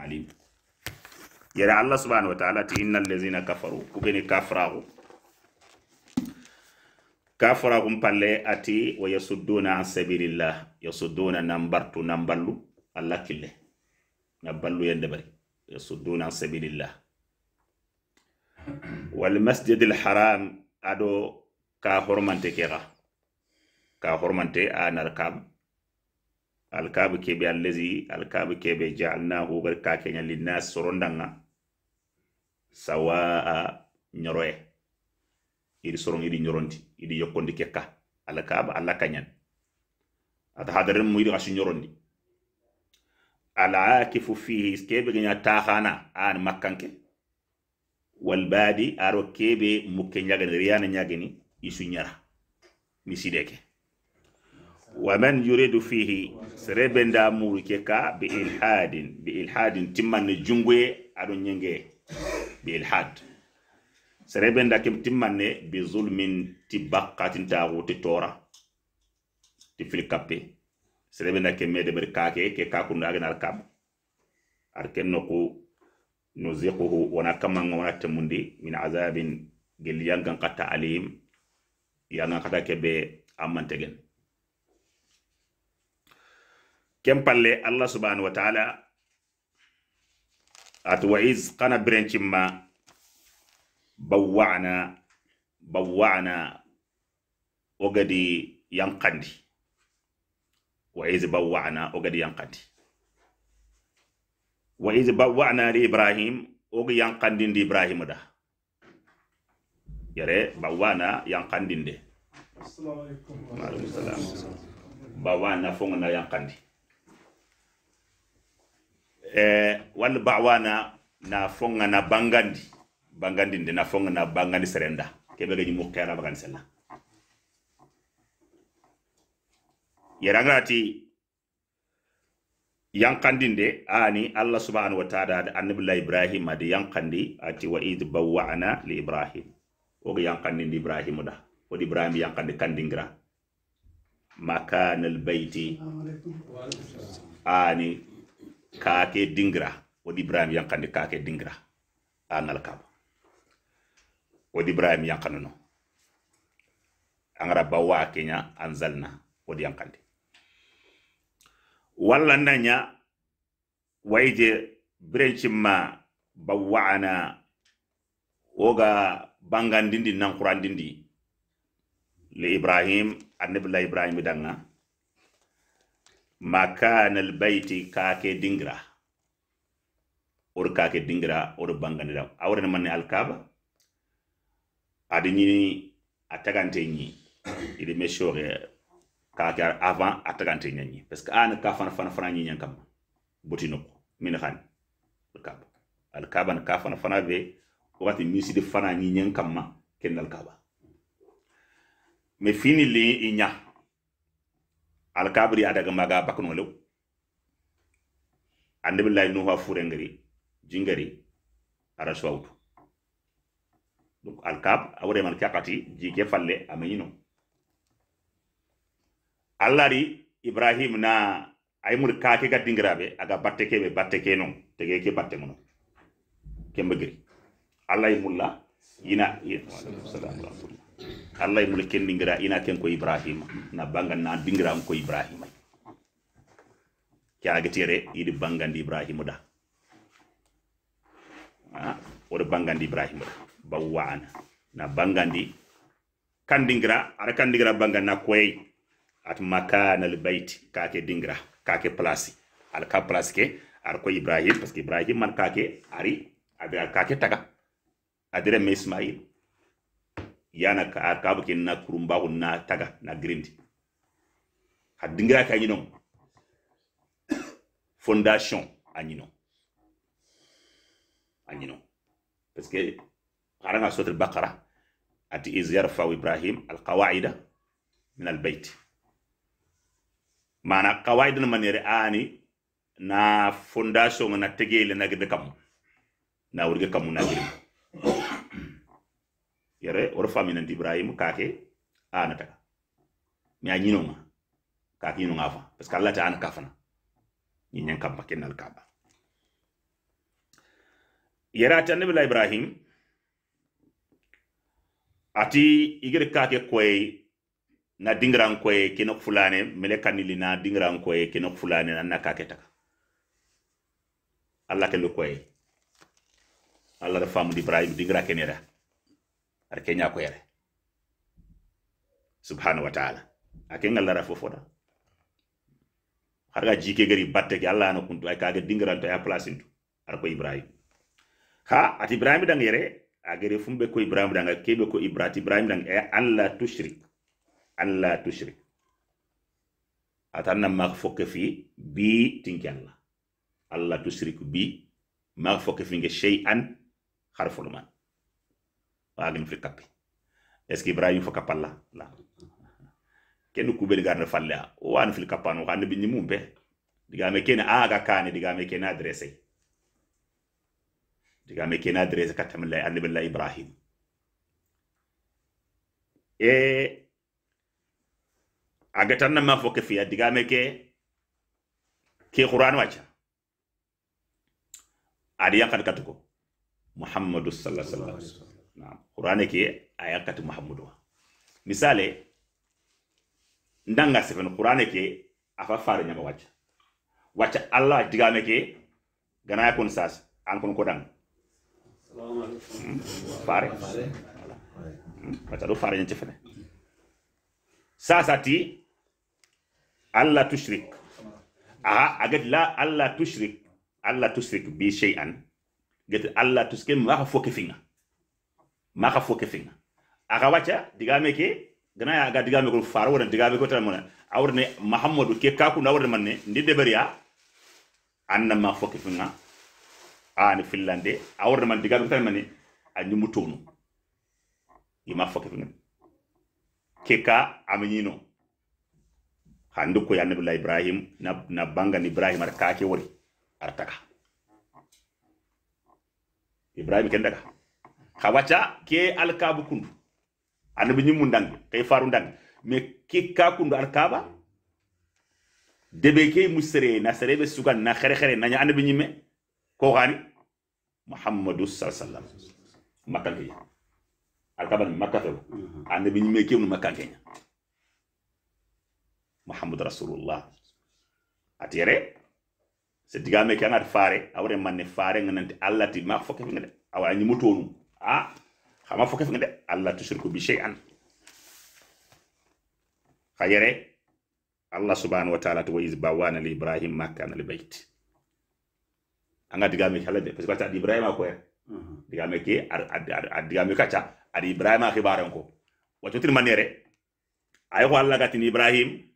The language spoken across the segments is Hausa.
alim yere allah subhanahu wa taala ti inna allazina kafaru kubeni kafraku kafrakum palle ati wa yasudduna an sabilillah yasudduna nambartu namballu allah kille ballu yende bari yasudduna an sabilillah walmasjid alharam ado ka hormante kega ka hormante anar kam alkabu kebe allazi alkabu kebe kake barka kenya linnas sorondanga sawa nyoroye idi sorong idi nyoronti idi yokondi kekka alkabu allakanyan ata hadarin mu idi ashi nyorondi alakifu fihi kebe ganya tahana an makkanke walbadi aro kebe mukke nyagani riyana nyagani isu ni misideke waman yuridu fihi sere benda muru ke ka bi ilhadin bi ilhadin timmanne jungwe aɗo ñenge bi ilhad sere benda kem ne bi zulmin ti bakkatin taxu ti tora ti fil kappe sere benda ke mede ber ka ke ka kakundu agenar kab ar ken noku nuziquhu wona kamanga wona temundi min azabin gel yangan katta alim yangan kata kebe ammantegen ken palle allah subhanahu wa taala ati wa iz kana birencimma bawana bawana wo gadi yankandi wa iz bawana wo gadi yankandi wa iz bawana li ibrahim wo gi yankandindi Ibrahim da yere bawwana yankandinde fonga na yankandi eh, wani bawana na fonga na bangandi bangandi ndi na fonga na bangandi serenda kebe ganyi mukera bagan sella yerangrati ndi ani allah subhanahu wa taala ada ibrahim adi yankandi ati wa id bawwa'na li ibrahim yankandi ndi Ibrahim da wodi Ibrahim yankandi kandingira makana albayti ani kaake dingira wodi ibrahim yankandi kaake dingra a kab kaba wodi ibrahim yankanuno kan angara bawa kenya anzalna wodi yankandi walla nanya waije birencimma bawa'ana oga bangandindi nankurandindi le ibrahim annabila ibrahim danga makana albayti kake dingra or kake dingra or banganira awren manne alkaba adi ñini a tagante ñi ili meshore shoxe kake avant atagante ni parce que an ka fan fan fan ni ñan kam buti min xani alkaba alkaba na ka fana fana be wakati misidi fana ñi ni kam ma kendal kaba me fini li i ñaa alkabri adaga maga bakno lew annabillahi nuha furengari jingari ara sawtu donc alkab awre man kakati jike falle amenyino allari ibrahim na aymul kake ga dingirabe aga batte be batte kenon tege ke batte mono kembegri allah imulla yina sallallahu alaihi wasallam allah yi mulu kendingira ina ken ko Ibrahim na bangan na Kya ko ya kan kan ke Ibrahim idi di Ibrahim da bangan di Ibrahim da bawwana na bangandi kandingira aɗa kandingira bangan na koy at makanal bayti kake dingira kake place al ka place ke ar ko ibrahim parce que ibrahim man kake ari abi ka kake taga adire me ismail yana ka ka buke na kurumba na taga na grindi hadingira ka yinon fondation a anyinon parce que qaranga sura al-baqara ati iz yarfa ibrahim al-qawaida min al-bayt mana qawaida na manere ani na fondation na tegele na gede kam na wurge kam na grindi yere wor faminanti ibrahim kake ana taka mi a ka kake ñinonga fa parce que allah ta ana kafana ñiñen kamma kennal kaba yere ati annabila ibrahim ati igir kake koye na dingiran koye kino fulane mele kanili na dingiran koye kino fulane na na kake taka allah ke lu koye allah da famu di ibrahim dingira kenera arkenya kenya ko yare subhanahu wa ta'ala akenga lara fofoda harga jike gari batte ke allah na kuntu ay kaga dingaranto ya place ntu ar ko ibrahim ha at ibrahim dang yere agere fumbe ko ibrahim dang kebe ko ibrahim ibrahim dang ay e allah tushrik allah tushrik atanna mag fokke fi bi tinki allah allah tushrik bi mag fokke fi nge shay'an harful agin fi kappi est ce que ibrahim fo kappalla la ken kubeli garde falle a o wani fil kappano ko annabi ni mum be digame kene aga kane digame kene adresse digame kene adresse katamilla annabi la ibrahim e aga tanna ma fo ke fiya digame ke ke qur'an wacha adi yakan katuko muhammadu sallallahu alaihi wasallam nam qur'ani ke aya kati mahamudu misale ndanga sefen qur'ani ke afa fare nyama wacha wacha allah digame ke gana kon sas an kon kodang hmm? fare hmm? wacha do fare nyante fene sasati ti allah tushrik aha agad la allah tushrik allah tushrik bi shay'an get allah tushrik ma foke finga maka fo ke finga aga wacha digame ke gana ya ga digame ko faro wona digame ko tan awrne mahammadu ke kaku na awrne manne ndi debariya anna ma fo ke finga ani finlande awrne man digame ko tan a nyumu tonu ima fo ke finga ke ka aminino handu ko yannabi ibrahim na, na bangan ibrahim ar wori ar taka ibrahim daga khawacha ke alkabu kundu anabi nyimu ndang kay faru ndang me ke ka kundu debe ke na sugan na ko muhammadu mhm. ke muhammadu rasulullah se digame ke awre manne allati ma fokke awa tonu Ah, xama fo kef de Allah tushriku bi shay'an khayere allah subhanahu wa ta'ala to wa li ibrahim makana li bayt anga digame xala de parce que ta ibrahima ko ya? mhm. digame ki ar ar digame kacha ar ibrahim khibaran ko wato tir manere ya ay ko allah gatin ibrahim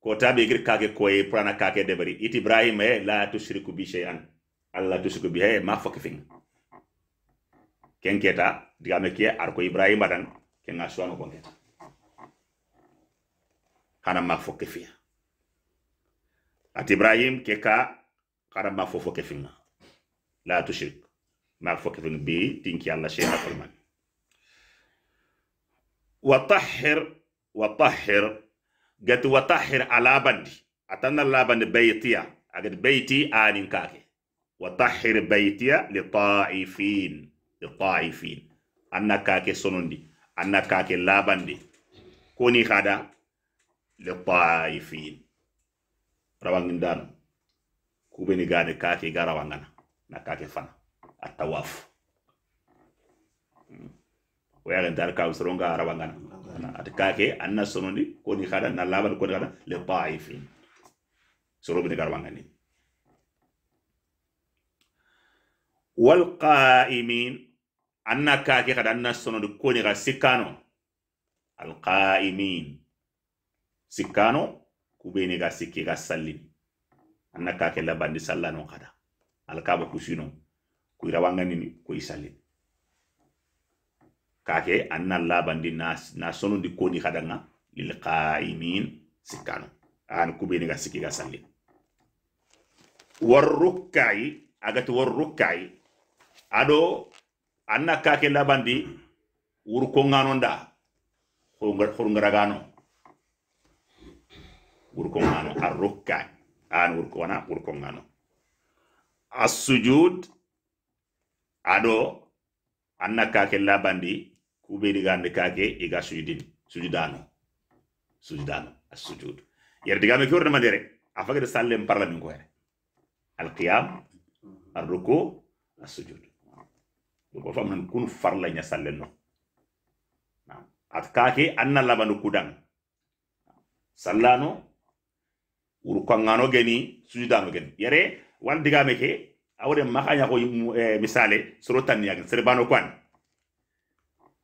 ko tabe gir kake e prana kake debari it ibrahim e, la tushriku bi shay'an allah tushriku bi ma fakfing ken keta digame ke arko ibrahima dan ken asuano kon kana ma fo ke fiya ibrahim ke ka kana ma fo fo ke finga la tushrik ma fo ke finga bi tinki alla shay'a farman wa tahhir wa tahhir gati wa tahhir ala bandi atanna labandi baytiya agad bayti anin kake wa tahhir baytiya li ta'ifin litaifin anna kake sonondi anna kake labandi koni hada litaifin rawangindano kubeni gane kake ga rawangana na ka kake fana atawafu ka kaw soronga arawangana ata kake anna sonondi koni hada na laban koni hada litaifin sorobini garawangani والقائمين anna kake kada anna sonodu koni ga sikkano alqaimin sikkano kubeni ga sikki ga sallini anna kake labandi sallano kada alkaba kusino kuirawanganini kui sallini kake anna labandi na, na sonodu koni kada nga lilqaimin sikkano an kubeni ga sikki ga sallini warrukkai agati warrukkai ado anna kake labandi wurkonganonda hurungaragano wurkongano arrukka an wurkona wurkongano assujud ado anna kake labandi kubedi gande kake iga sujudin sujudano sujudano assujud yar digame ko ma dere afagade sallem parlamin ko here alqiyam arruku assujud ko famnan kun farla nya sallen no at kake anna labanu kudan sallano urukangano geni sujudano geni yare wal digame ke awre makanya ko eh, misale sorotan ya serbano kwan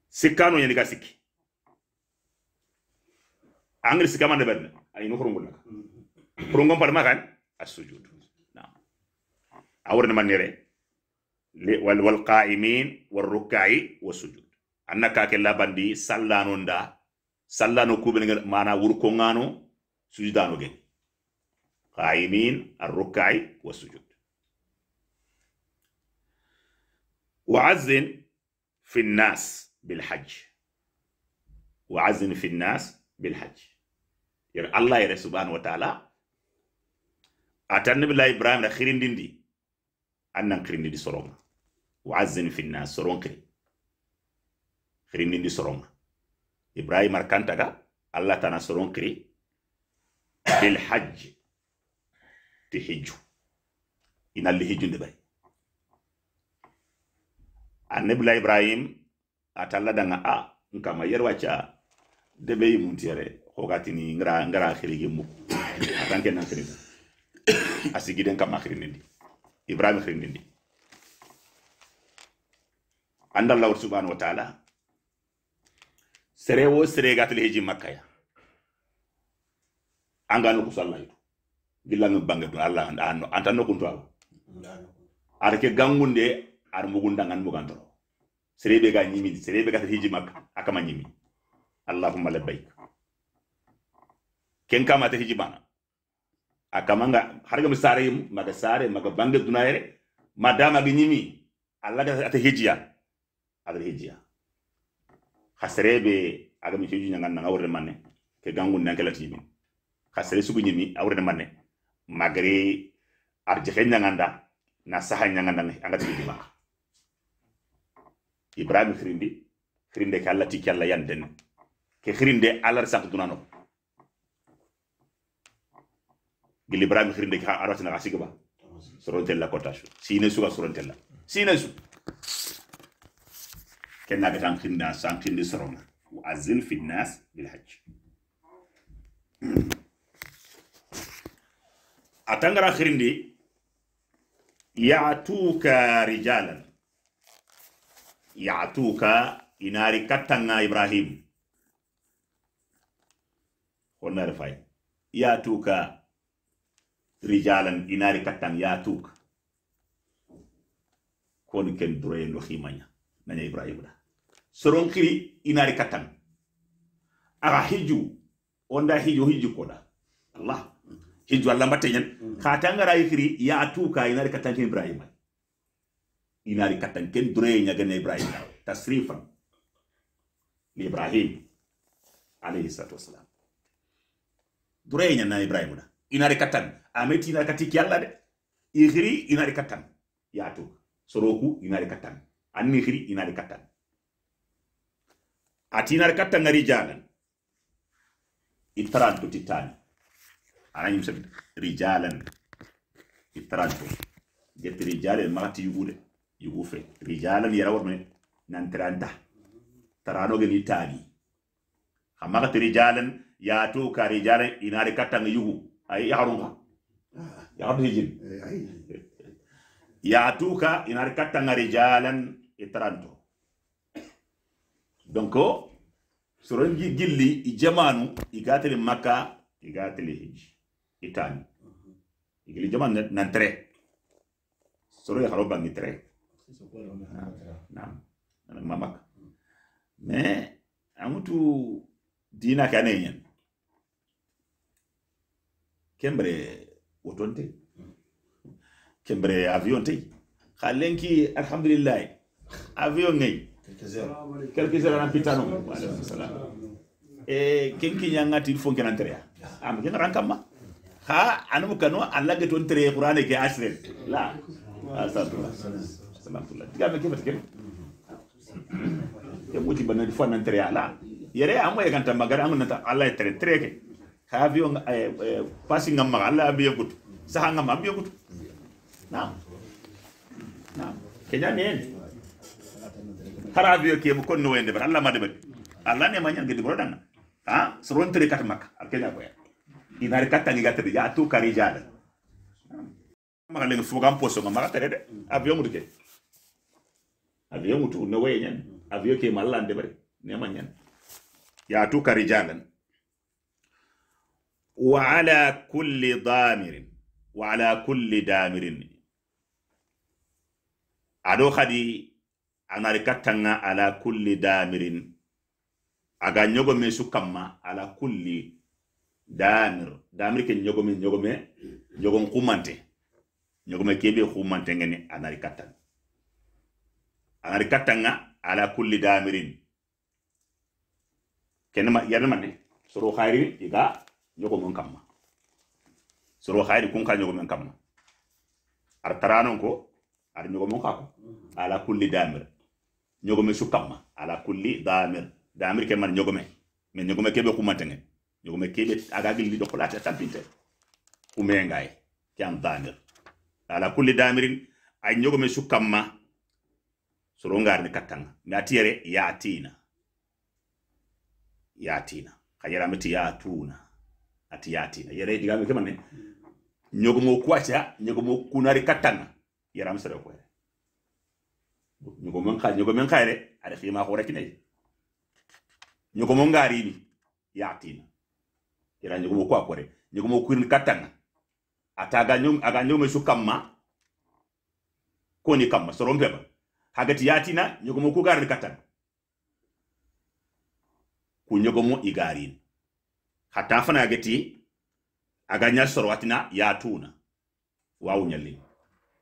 sikano yani gasiki angri sikama de ben ay no hurungul nak hurungom mm-hmm. par makan as sujud na awre man yare walqaimin warrukai wasujud anna kake labandi sallano nda sallano kuɓenegel mana wurkongano sujudano gen qaimin arrukai wasujud وعزن في الناس بالحج وعزن في الناس بالحج ير الله ير سبحانه وتعالى أتنبلا annan di soronga waazin finna soron kiri di soronga ibrahim ga allah tana soron kiri bil hajj ti hijju inalli bai bay annabila ibrahim atalla danga a nkama yerwaca debeyi muntiyere hogatini ngara ngara khirigi muku atanke nan khirigi den kama khirindi ibrahima andal law subhanahu wa taala sere wo sere gatal heji makkaya angano ko sallahitu gillange bange do allah anno antanno kuntu awa ara ke gangunde ar mugundangan mugantoro sere be ga nyimi sere be gatal heji makka akama nyimi allahumma labbaik ken kama te hiji bana akamanga harga sare maga sare maga bange dunayere madama Allah alaga ate hijia agar hijia hasrebe aga mi hijia nyanga nanga wore manne ke gangu nan kala timi hasre gi nyimi awre manne magre nyanga nda na saha nda anga timi ma ibrahim khirindi khirinde kala layan yanden ke khirinde alar sak dunano gilli brami xirinde ki aratina xa sigaba sorontella cotation sine suga sorontella sine su ken san xindi soronga wa azin fi nnas bil hajj a tangara yatuka rijalan yatuka inari ibrahim honnare fay yatuka rijalan inari kattan tuk kon ken lo himanya nanya ibrahim da soron kiri inari kattan ara hiju onda hiju hiju koda allah hiju allah mbattenyen katangara ya yatuka inari kattan ken ibrahim inari kattan ken duroye gane ibrahim tasrifan ni ibrahim alayhi salatu wasalam duroye na ibrahim da inari katan ameti inari kati kyalla de igri inari katan yato soroku inari katan anni igri inari katan ati inari katan ngari jalan itaranto titani ananyim sabit rijalan itaranto get rijalan malati yugude yugufe rijalan yara warme nan taranta tarano gani tani amma rijalan yato ka rijalan inari katan yugu ay yaharunga yaharun hijin eh, yatuka inar rijalan itaranto gilli itani igili soro ya haro bangi tere naam naam mamaka amutu dina kanenyen kembre wotonte kembre avion te xa lenki alhamdulillahi avion ngay quelques heures an pitano alaykum salam e kenki kiñangati il faut kenan tereya ama ke ngaran kamma xa anamo kano a lage ton tereye qurane ke asren la astagfirullah astagfirullah tigame ke fat kem ke muti banadi fo nan tereya la yere amo yeganta magara angonata allah e tere tere ke ka pasi eh, eh, passing ngam Allah abiyo gut saha ngam abiyo gut naam naam kenya nien hara abiyo ke mo no wende bar Allah ma debal Allah ne ma nyang gidi bro dan ha suron tre kat mak akenya ko ya inare katangi gatte ya tu kari jada ma le fu gam poso ma tere de avion mu de avion no wenyen avion ke malande bari ne ma nyan ya tu kari jangan wa ala kulli damirin wa ala kulli damirin ado khadi anari kattanga ala kulli damirin aga ñogome su kamma ala kulli damir damir ke ñogome ñogome ñogon kumante ñogome kebe kumante ngene anari kattanga anari kattanga ala kulli damirin kenema yarmane soro khairin iga ñogomen kamma soro hayri kun ka ñogomen kamma ar taranon ko ar ñogomen ka ko ala kulli damir ñogome su kamma ala kulli damir damir ke man ñogome mais ñogome keɓe kumantenge ñogome keɓe aga gilli ɗo kolate tampinte kume ngay ke an damir ala kulli damirin ay ñogome su kamma soro ngarni kattanga mi atiyere yatina yatina hayerame ti yatuna ati yati na yere diga mi kemane nyogo mo kwacha nyogo mo kunari katana yaram sere ko nyogo men kha nyogo men khaire ada khima ko rekine nyogo mo ngari ni yatina yara nyogo mo kwa kore nyogo mo kurin katana ataga nyong aga nyong su kamma koni kamma sorombe ba hagati yatina nyogo mo kugar katana kunyogo mo igarin hatta fana a geti aga ñal sorowatina yatuna wawu ñalli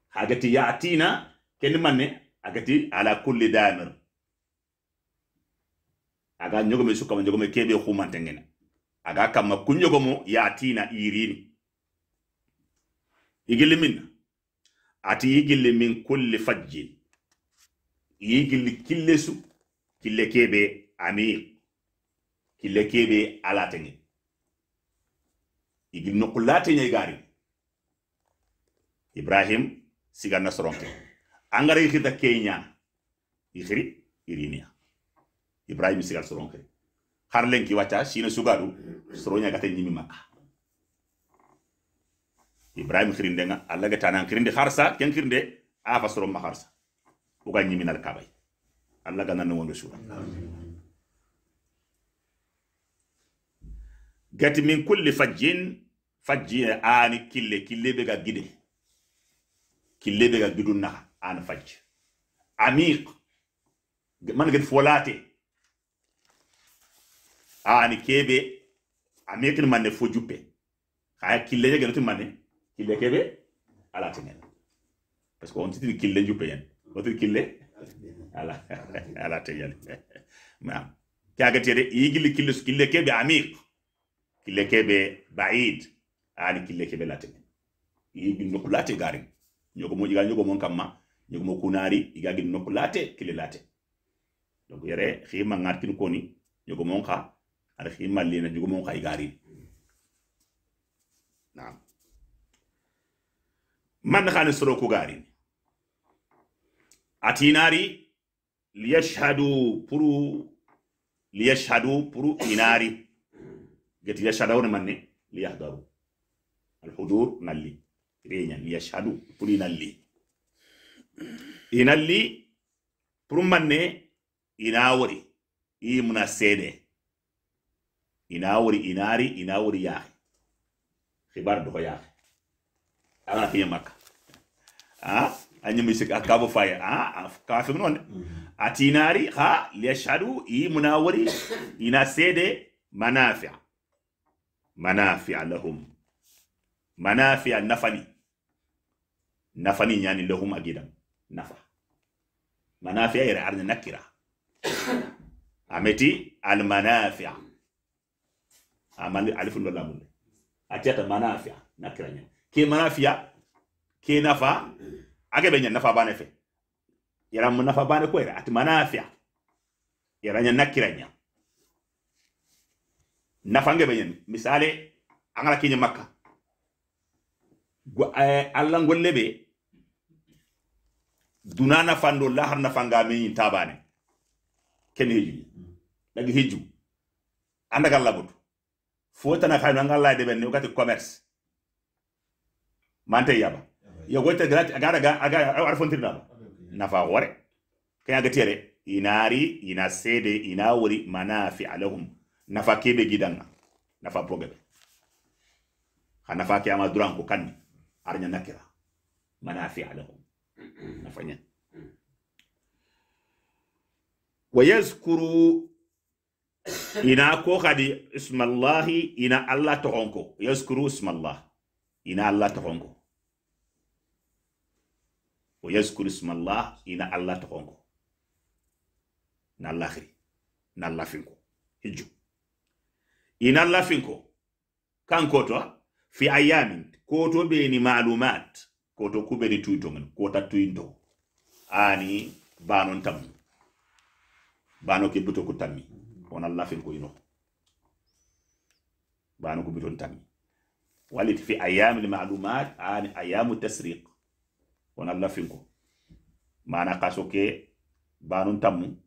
hagati yatina kendi manne agati ala kulli damir aga su kama ñogome kebe kuma a xumantengene kama kamma ya yatina irini igilli minna ati yigilli min kulli fajjin yigilli kille su kille kebe amir kille kebe ala alatenge igi nokullate ñayi gari ibrahim sigana soronke angara yikirta kenya yikiri irinia ibrahim sigal soronke har lenki wacca sina sugaru soronya gata nyimi ma ibrahim kirinde nga alla gata nan kirinde kharsa ken kirinde afa soron ma harsa uga nal kabay alla gana no wondo sura gati min kulli fajjin fajji e ani kille kille be ga gide kille be ga gidun na an fajj amiq man gati folate ani kebe amiqin manne fo juppe kaya kille je gati manne kille kebe ala tingen parce que on titini kille juppe yen on titini kille ala ala tingen ma kagati de yigili kille kille kebe amiq kilekebe baid ani kilekebe kebe latene igi nokulate gari ñogo mo jiga ñogo mon kamma ñogo mo kunari iga gi nokulate kile late donc yere xima ngartin koni ñogo mon ka ar xima lena ñogo mon ka igari naam man khani soro ku gari atinari liyashhadu puru liyashhadu puru inari Gati geti yashhadawne manne liyahdaru alhudur nalli reñan liyashhadu nalli. inalli inalli pour manne ina wori i muna seede ina wori inaari ina wori yaahi hibar doho yaahi agana kiñe makka a a ñimi sik a kabo faye a kafe non de a tinaari ha liyashhadu i muna wori ina seede manafia manafi'a lahum manafi'a nafani nafani yani lahum agidam nafa ya yere arne nakira ameti al manafi amal alifun do mun atiyata manafi nakira ñani ke manafi'a ke nafa age benya nafa bane fe yara nafa bane ko yere at manafi'a yara ñan nakira nya nafange be ñen misale angala kiñe makka eh, alla golle be duna nafando lahar nafanga mi tabane ken heju dagi heju andaga labutu fotana xayno anga allah deɓen ni wogati commerce mante yaba yogoyta gati agaraga aga ara na fa wore kañaga tiyere inari ina sede ina wori manafi alahum nafa kebe gidanga nafa pogebe ha nafa ke ama duran ko kanni arnya nakira manafi alahum nafanya wa yazkuru ina ko kadi ismallahi ina allah togonko yazkuru ismallah ina allah togonko wa yazkuru ismallah ina allah togonko na lahiri na lafinko hijju ina lafinko kan to fi ayamin koto be ni malumat koto kube ni tuito ngen kota tuito ani banon tam bano ke buto ko tammi on Allah fin ko ino bano ko buton tammi walit fi ayam al malumat ani ayam tasriq on Allah fin ko mana kaso ke banon tammu tammu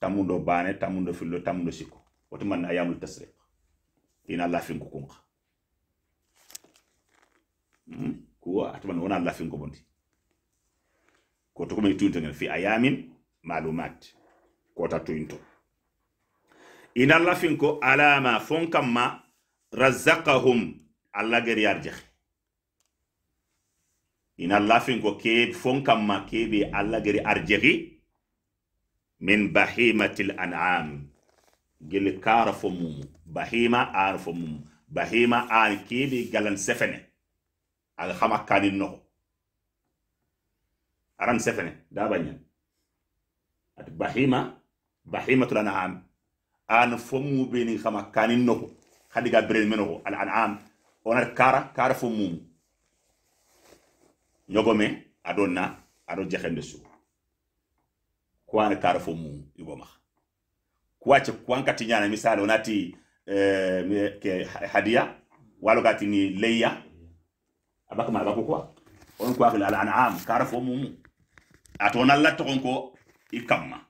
tamundo bane tammu tamundo fillo tamundo siko woto man ayamul tasriq ina lafin ko hmm. kuwa atman wona lafin ko bondi ko to ko mi tunta fi ayamin malumat ko ta tunto ina lafin ko alama fonkam ma razaqahum alla ger yarje ina lafin ko ke fonkam ma kebe alla min an'am gele kara fo mumu bahima ar fo mumu bahima ar kibi galan sefene al khama kanin no aran sefene da banya at bahima bahimatul an'am an fo mu ni khama kanin no khadiga beren meno al an'am onar kara kara fo mumu nyogome adonna ado jexende su ko an kara fo mumu iboma kuwache kwankati nyana misala onati eh, ke hadiya walo kati ni leya abaka ma bako kwa on kwa kala al an'am karfo mumu atona alla tokonko ikamma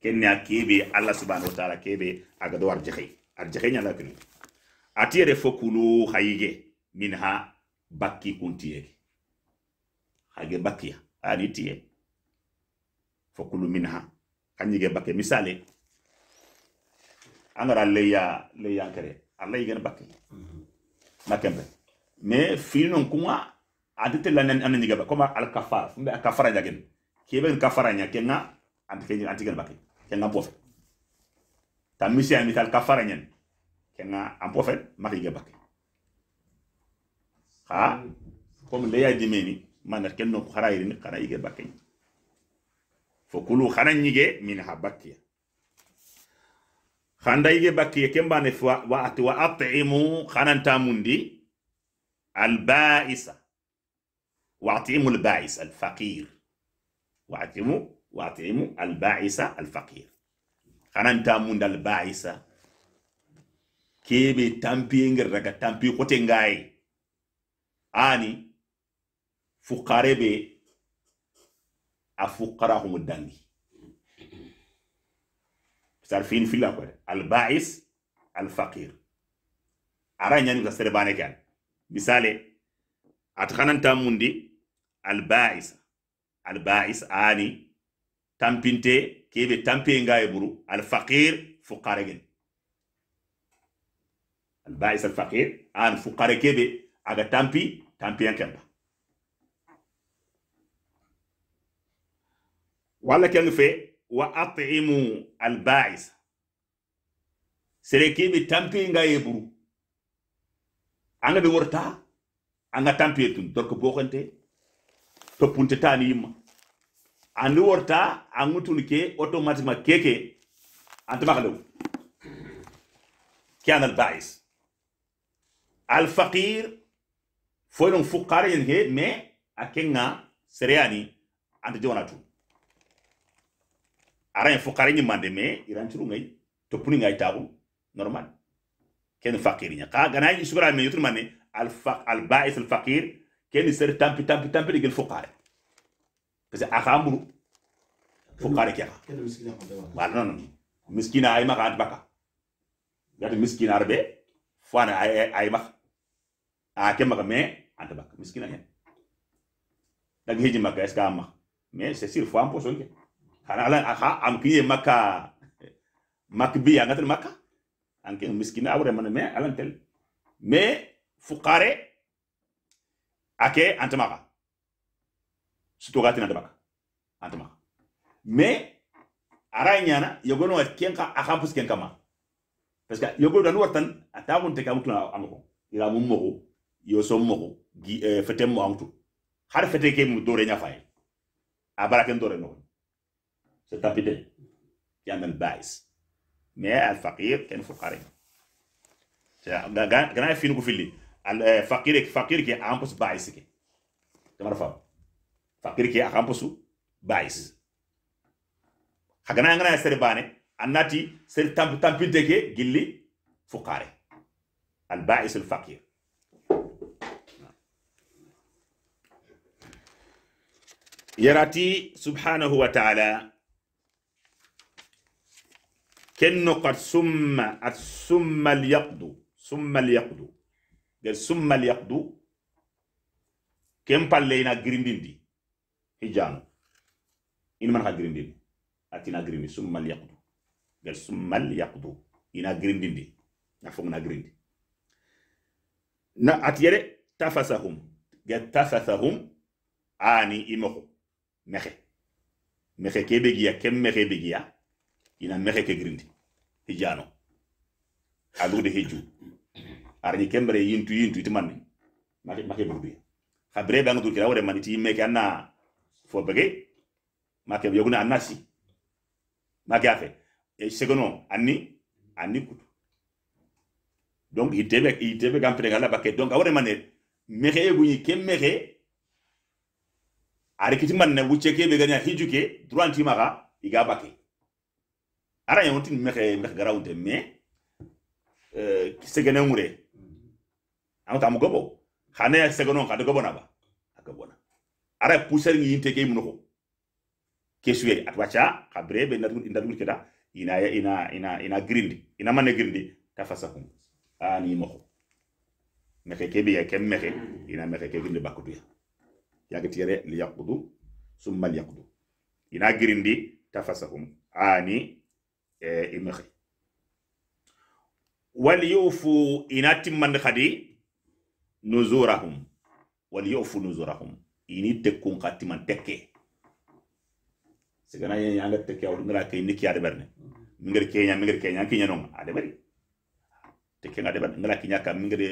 kenya kebe allah subhanahu wa ta'ala kebe aga do arjehi arjehi nyala kini atiyere fokulu hayige minha bakki kuntiyege hage bakkiya ani tiye fokulu minha kanyige bakke misale angara leya leya kere alla yigen bakke makembe mhm. me fino kuma adite lanen ananyiga ba koma al kafara mbe al kafara jagen kebe kafara nya kenga antike antigen bakke pofe ta tamisi ami tal kafara nyen kenga am bofe makige bakke ha comme mm. leya dimeni manar kenno khara yirin khara yige bakke fokulu xana ñige min ha bakkiya xanda yige bakkiya kembane wa ati wa atimu xananta mundi albaisa wa atimu albais alfaqir wa atimu wa atimu albaisa alfaqir xananta mundi albaisa kebe ngir tampi xote ngaye ani fuqare be a fuqara homo dangi sar fin fila ko al ba'is al faqir ara nyani ga sere bane kan misale at khananta mundi al ba'is al ba'is ani tampinte kebe tampe ngaye buru al faqir fuqara gen al ba'is al faqir an fuqara kebe aga tampi tampi yankamba walla kenge fe wa atimu albais sere keɓe tampi nga yeburu anga ɓe worta anga tampiye tun dorko boxente toppunte tani yimma andi worta a ŋutun ke automatiquement keke antamaxalew ke an albais alfaqir foynon fuqara yen he mais a kenga sereyani anta jawana tun arañ fo xare ñimmande mais irantiru ngay toppuni ngay taaxu normal ken fakir ña xa gana sugara me yotun manne al faq al ba'is al fakir ken ser tampi tampi tampi de gel fuqare parce que axa mburu fuqare ke xa wala non miskina ay maka ant baka gati miskina arbe fana ay ay max a ah, ke maxa mais ant baka miskina hen dag heji maga est ce que a max mais c'est sûr fois am poson ke kana ala aha am kiye maka makbi ya ngatel maka anke miskina awre man me alantel me fuqare ake antamaka sutogati na tabaka antamaka me ara nyana yogono wat kenka akampus kenka ma parce que yogo dan watan atagun te kamutuna amko ila mummo yo moko gi eh, fetem mo amtu har fete ke mu dore nya fay abara ken dore no ستة كان بائس مع الفقير كان فقراء كان في نقول في اللي الفقير فقير كي أمبس بائس كي تمر فهم فقير كي أمبس بائس خجنا عنا يسير بانه الناتي سير تام تام بيدك جلي فقراء البائس الفقير يراتي سبحانه وتعالى كنو قد سمى السم اليقضو سم اليقضو قال سم اليقضو كم بالينا غريندين دي هجان إن من غريندين أتينا غريندين سم اليقضو قال سم اليقضو إنا غريندين دي نفهمنا غريندي نا أتيري تفسهم قال تفسهم آني إمخو مخي مخي كيبيجيا كم مخي بيجيا ina mexe ke girindi hijano adugude hiju arni kembere yintu yintu iti manni maki maki burbi khabire bang tu kira wore mani ti meke anna fo bege maki yoguna anasi make afe e segono anni anni kut donc il il itebe gam gampere gala bakke donc awore mani mexe eguni kem mexe ari kiti manne wuche ke be ganya hijuke droit ti maga iga bakke ara yontin mexe mexe garawunte mais eh, segene ŋure aŋotamu gobo xane segenon xade gobona ba a gobona ara pusar ŋiinte ke imunoxo ke suye atwaca xa bire be ndadugul keda ina ina ina ina grindi ina mane grindi ta fasakum ani moxo mexe ke biya kem mexe ina mexe ke grindi bakutuya yagitiyere liyaqudu summa liyaqudu ina grindi ta fasakum ani Eh, ime wal yufu ina man hadi nuzurahum yufu nuzurahum ini tekun khatiman timan tekke segana yang yang tekke awr ngara ke niki ade berne ngir nya ngir kenya kinya non ade beri tekke ngade berne ngara nya ka ngir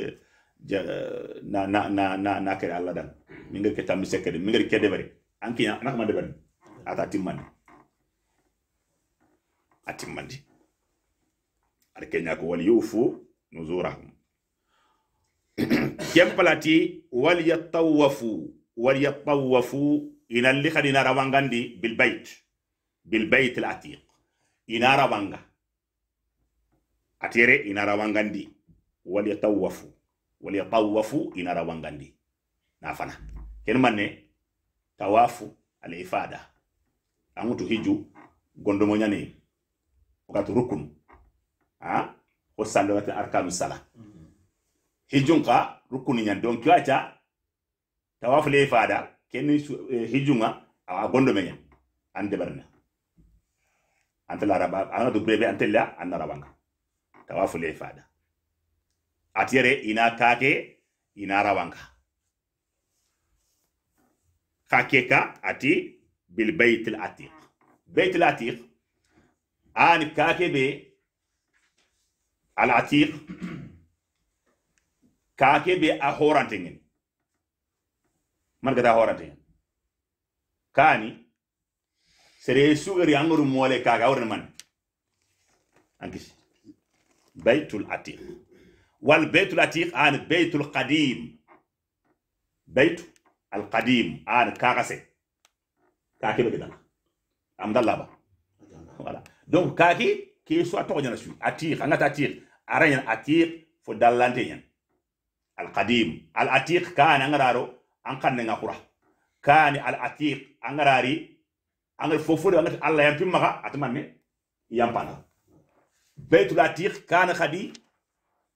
na na na na na ke alla dan ngir ke tammi sekede ngir ke de anki an nak ma de berne ata timman atimandi aɗa keña ko yufu nuzurahum kempalati wali yatawafu inalli kadi ina rawangandi bil bilbait al atiq ina rawanga atere ina rawangandi wali yatawafu ina rawangandi nafana ken manne tawafu al ifada amutu hiju gondomo ñani wakati rukunu ha ko sallo wakati arkanu sala hijunka rukun nya don kiwacha tawafu le fada kenni eh, hijunga a gondo menya ande barna ante la raba ana du brebe ante la anna rabanga tawafu le fada atiere ina kake ina rabanka kake kakeka ati bil baitil atiq baitil atiq عانب كاكبي على عتيق كاكبي أهورانتين من قد أهورانتين كاني سري سوغري أنغر مولي كاكا ورمان أنكس بيت العتيق والبيت العتيق عن بيت القديم بيت القديم عن كاغسي كاكبي كده عمد الله با voilà donc kaki ke so ato nyana su atiq anga atir aranya atir, fo dalante nyan al qadim al atir kan anga raro an kan nga kan al atir anga rari anga fo anga allah yam atman ne yam pana baitul atir kan khadi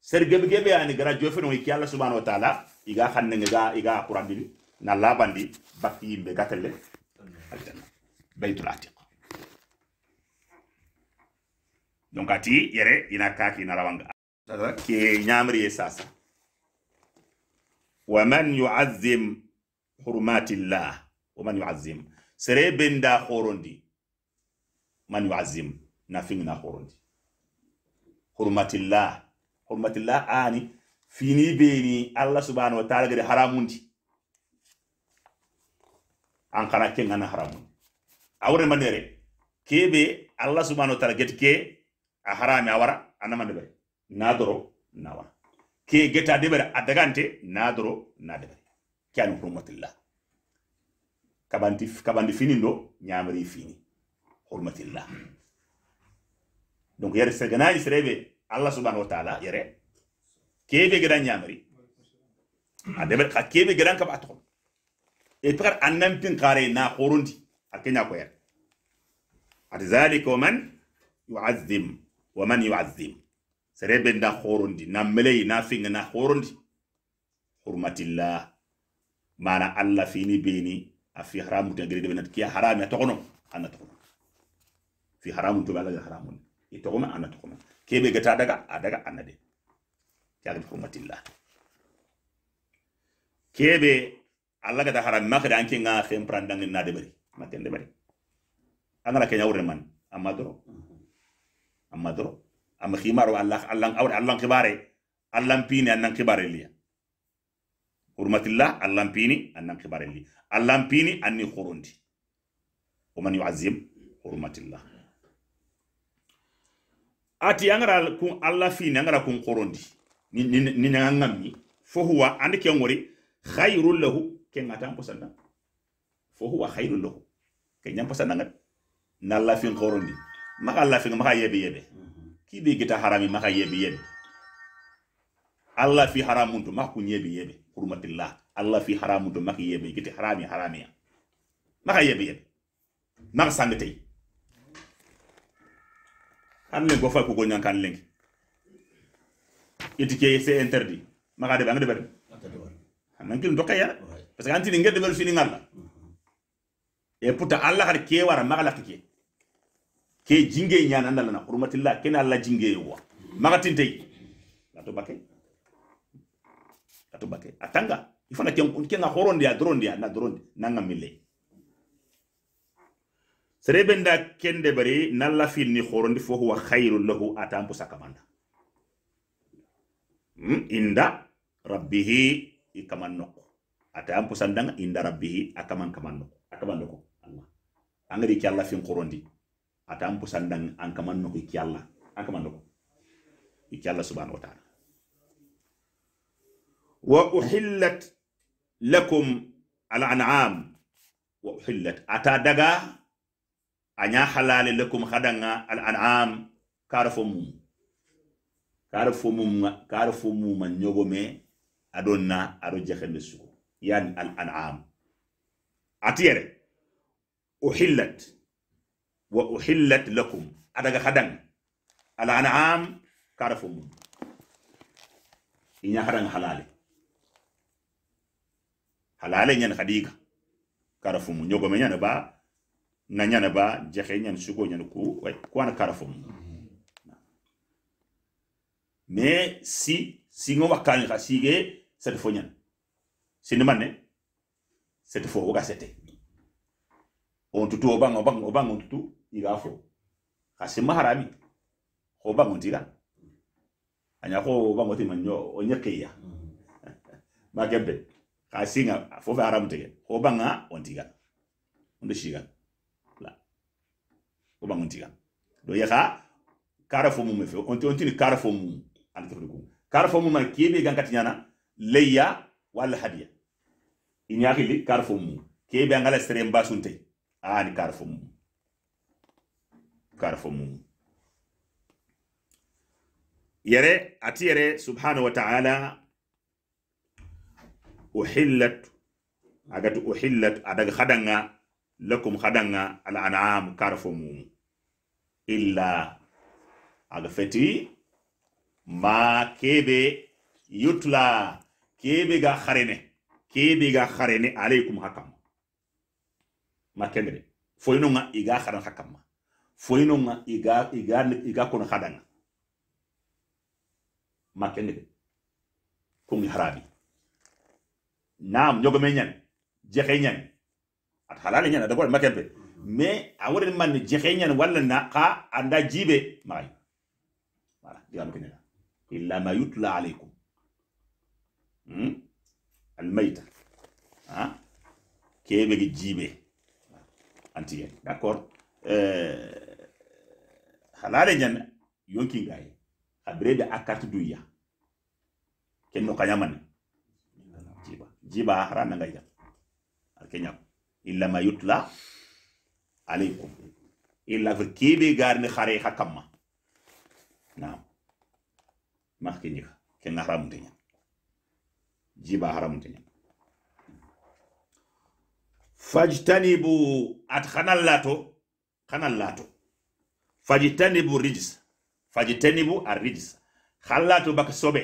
ser gebe ani gra jofe no ki allah subhanahu wa taala iga xanne nga iga qur'an dini na labandi bakki be gatelle baytul baitul donc ati yere ina kaki narawanga ke ñamriye sasa waman yuazim hurumatillah waman yuazim sere benda horondi man na na yuazim nafiŋna horondi hurumatillah hurumatillah ani fini beni allah subhanahu wa taala gede haramundi an kana ke ngana haramundi awre manere kebe allah subhanahu wa taala gete ke a harami a wara annama debere na doro na wara ke geta debere a dagante na doro na debere ke an hurmatilla kabanti kabandi finin do nyamari fini hurmatilla donc yere seganaji e serebe allah subhanahu wa taala yere be gedan nyamari a debere ke be gedan kaba a toxon e pikar annampin xare na xorundi a kenya ko a at zalika man yuazim wa man yu'azzim serebe nda horondi na meleyi na finga na horondi hurmatillah mana allah fini beni a fi haramu te gere debenat kiya harami a togono anna togono fi haramu to balaga haramu i togono ana togono kebe gata daga adaga daga anna de yagal hurmatillah kebe allah gata haram makade anke nga fem prandangin na debari maken debari angana kenya wurne man amma doro mm -hmm. amma doro amma khimaro allah allah awde allah kibare allah pini annan kibare liya hurmatillah allah pini annan kibare li allah pini anni khurundi man yu'azzim hurmatillah ati angara kun allah fini angara kun khurundi ni ni ngami fo huwa andi ken wori khairul lahu ken ngatan posanda fo huwa khairul lahu ken nyam posanda ngat nalla fin khurundi maka Allah fi maka yebi yebe ki be gita harami maka yebe yebe Allah fi haramun to maka kun yebi yebe hurmatillah Allah fi haramun to maka yebe gita harami harami maka yebe yebe maka sangate an len go fay ko go nyan kan len itike c'est interdit maka de ba ngade ba nan kin dokaya parce que antini ngade bel fini ngalla mm-hmm. e puta Allah har ke wara maka lakike ke jinge nyana nan na hurmatillah na alla jinge yo magatin tay ato bake ato bake atanga ifana ken ke na horon dia dron dia na dron na ngamile serebenda kende bari la fil ni di fo huwa khairul lahu atampo sakamanda hmm? inda rabbihi ikaman noko atampo sandanga inda rabbihi akaman kaman noko akaman noko allah angari ki allah fin di. atan dan an kaman no ki Allah an kaman no ki Allah subhanahu wa ta'ala wa uhillat lakum al-an'am wa uhillat ata daga anya halale lakum hadanga al-an'am karfo mum karfo mum karfo mum man nyogo me adonna aro jexende suko yani al-an'am atiyere uhillat wa uhillat lakum adaga hadang ala an'am kara fo mum inya hadang halale halale nyan hadiga kara fo mum nyogo ba na nyana ba jahe nyan sugo nyan ku way ko ana kara si mum mais si singo wakkani ha sige sete fo nyan sinimane sete fo woga sete on tutu obang obang obang bang on tutu iga fo kasi maharami ko bang on tiga anya ko bang oti manyo o nyakiya magembe kasi nga fo fe haram tege ko bang a on tiga on shiga la ko bang on tiga do ka kara fo mum fe on on tini kara fo mum ala tefru ko kara fo mum ma kebe katinya na leya wala hadiya inyakili kara fo mum kebe angala seremba sunte ni karfo mum karfo mum yere ati yere subhanahu wa ta'ala uhillat agatu uhillat adaga hadanga lakum hadanga ala an'am karfo mum illa aga feti ma kebe yutla kebe ga kharene kebe ga kharene alaykum hakamu. makemre foyino nga iga kharan hakama foyino nga iga iga iga kono khadanga makemre kungi harabi nam nyogo menyan jekhe nyan at halale nyan adagol makembe mais a woden man jekhe nyan walla na ka anda jibe may wala diga no kenela illa ma yutla alaykum hmm al mayta ha kebe jibe antiye d'accord euh halale jan yonki ngay habre de akart duya ken no kanyaman jiba jiba harana ngay jam al kenya illa ma yutla alaykum illa fi gar ni khare hakama naam ken kenya ken haram tenya jiba haram tenya fajtanibu at khanallato khanallato fajtanibu rijs fajtanibu ar-rijs khallatu bak sobe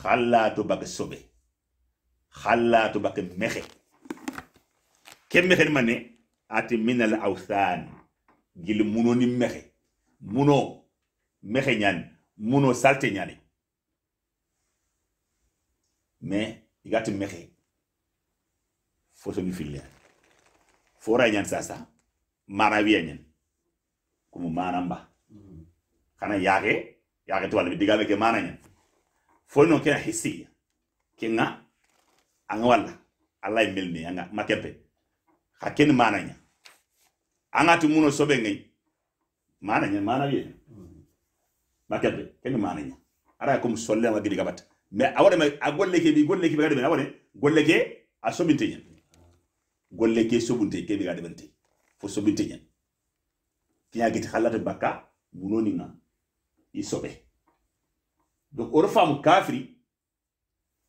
khallatu bak sobe khallatu bak mexe kem mexe mané ati min al-awthan gil muno ni mexe muno mexe ñani muno salte ñani mais igati mexe fosomi fille fora ñan sasa mana wiya ñan kumu manan ba kana yaake yaake tuwala digame ke mana ñan fono kena hisiya kenga anga walla allah e melni anga makempe ha ken mana ñan anga tu muno sobe ngay mana ñan mana wiya ñan makempe ken mana ñan ara kum solle ma gidi gabat mais awade ma a golle ke bi golle ke be gadi men awade golle ke a sobinte ñan golle ke sobunte ke be ga debente fo sobinte nyen kinya ki halata bakka bunoni nga i sobe donc oro famu kafri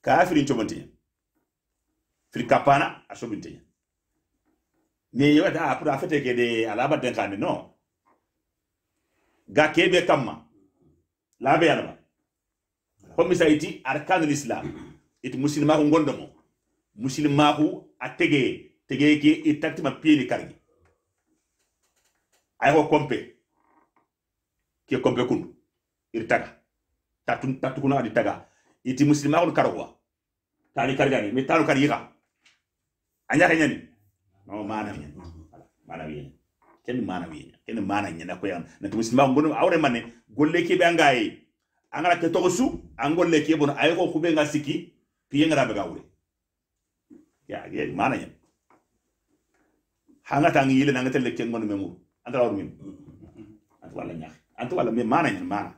kafri chobunte nyen firi kapana a sobinte nyen mais yewa da pour a fete ke de alaba den kan non ga kebe kamma labe alaba homi sa iti arkanul islam iti musilmaku gondomo musilmaku a tegeye tege ki e takti ma pieni kargi ay ho e kompe ke e kompe kun ir taga tatun tatu kuna di taga iti muslima ko karwa tani kargani mi tanu kargi ga anya nyani no mana mi mana mi ken mana mi ken mana nyana ko yan na muslima ko ngono awre mane golle ke be angaye angara ke togosu angolle ki bono ay ko kube ngasiki piyenga be gawre ya ya mana nyani hanga tangi yile nanga telle ken ngonu memuru anta war min anta wala nyax anta wala me mana nyen mana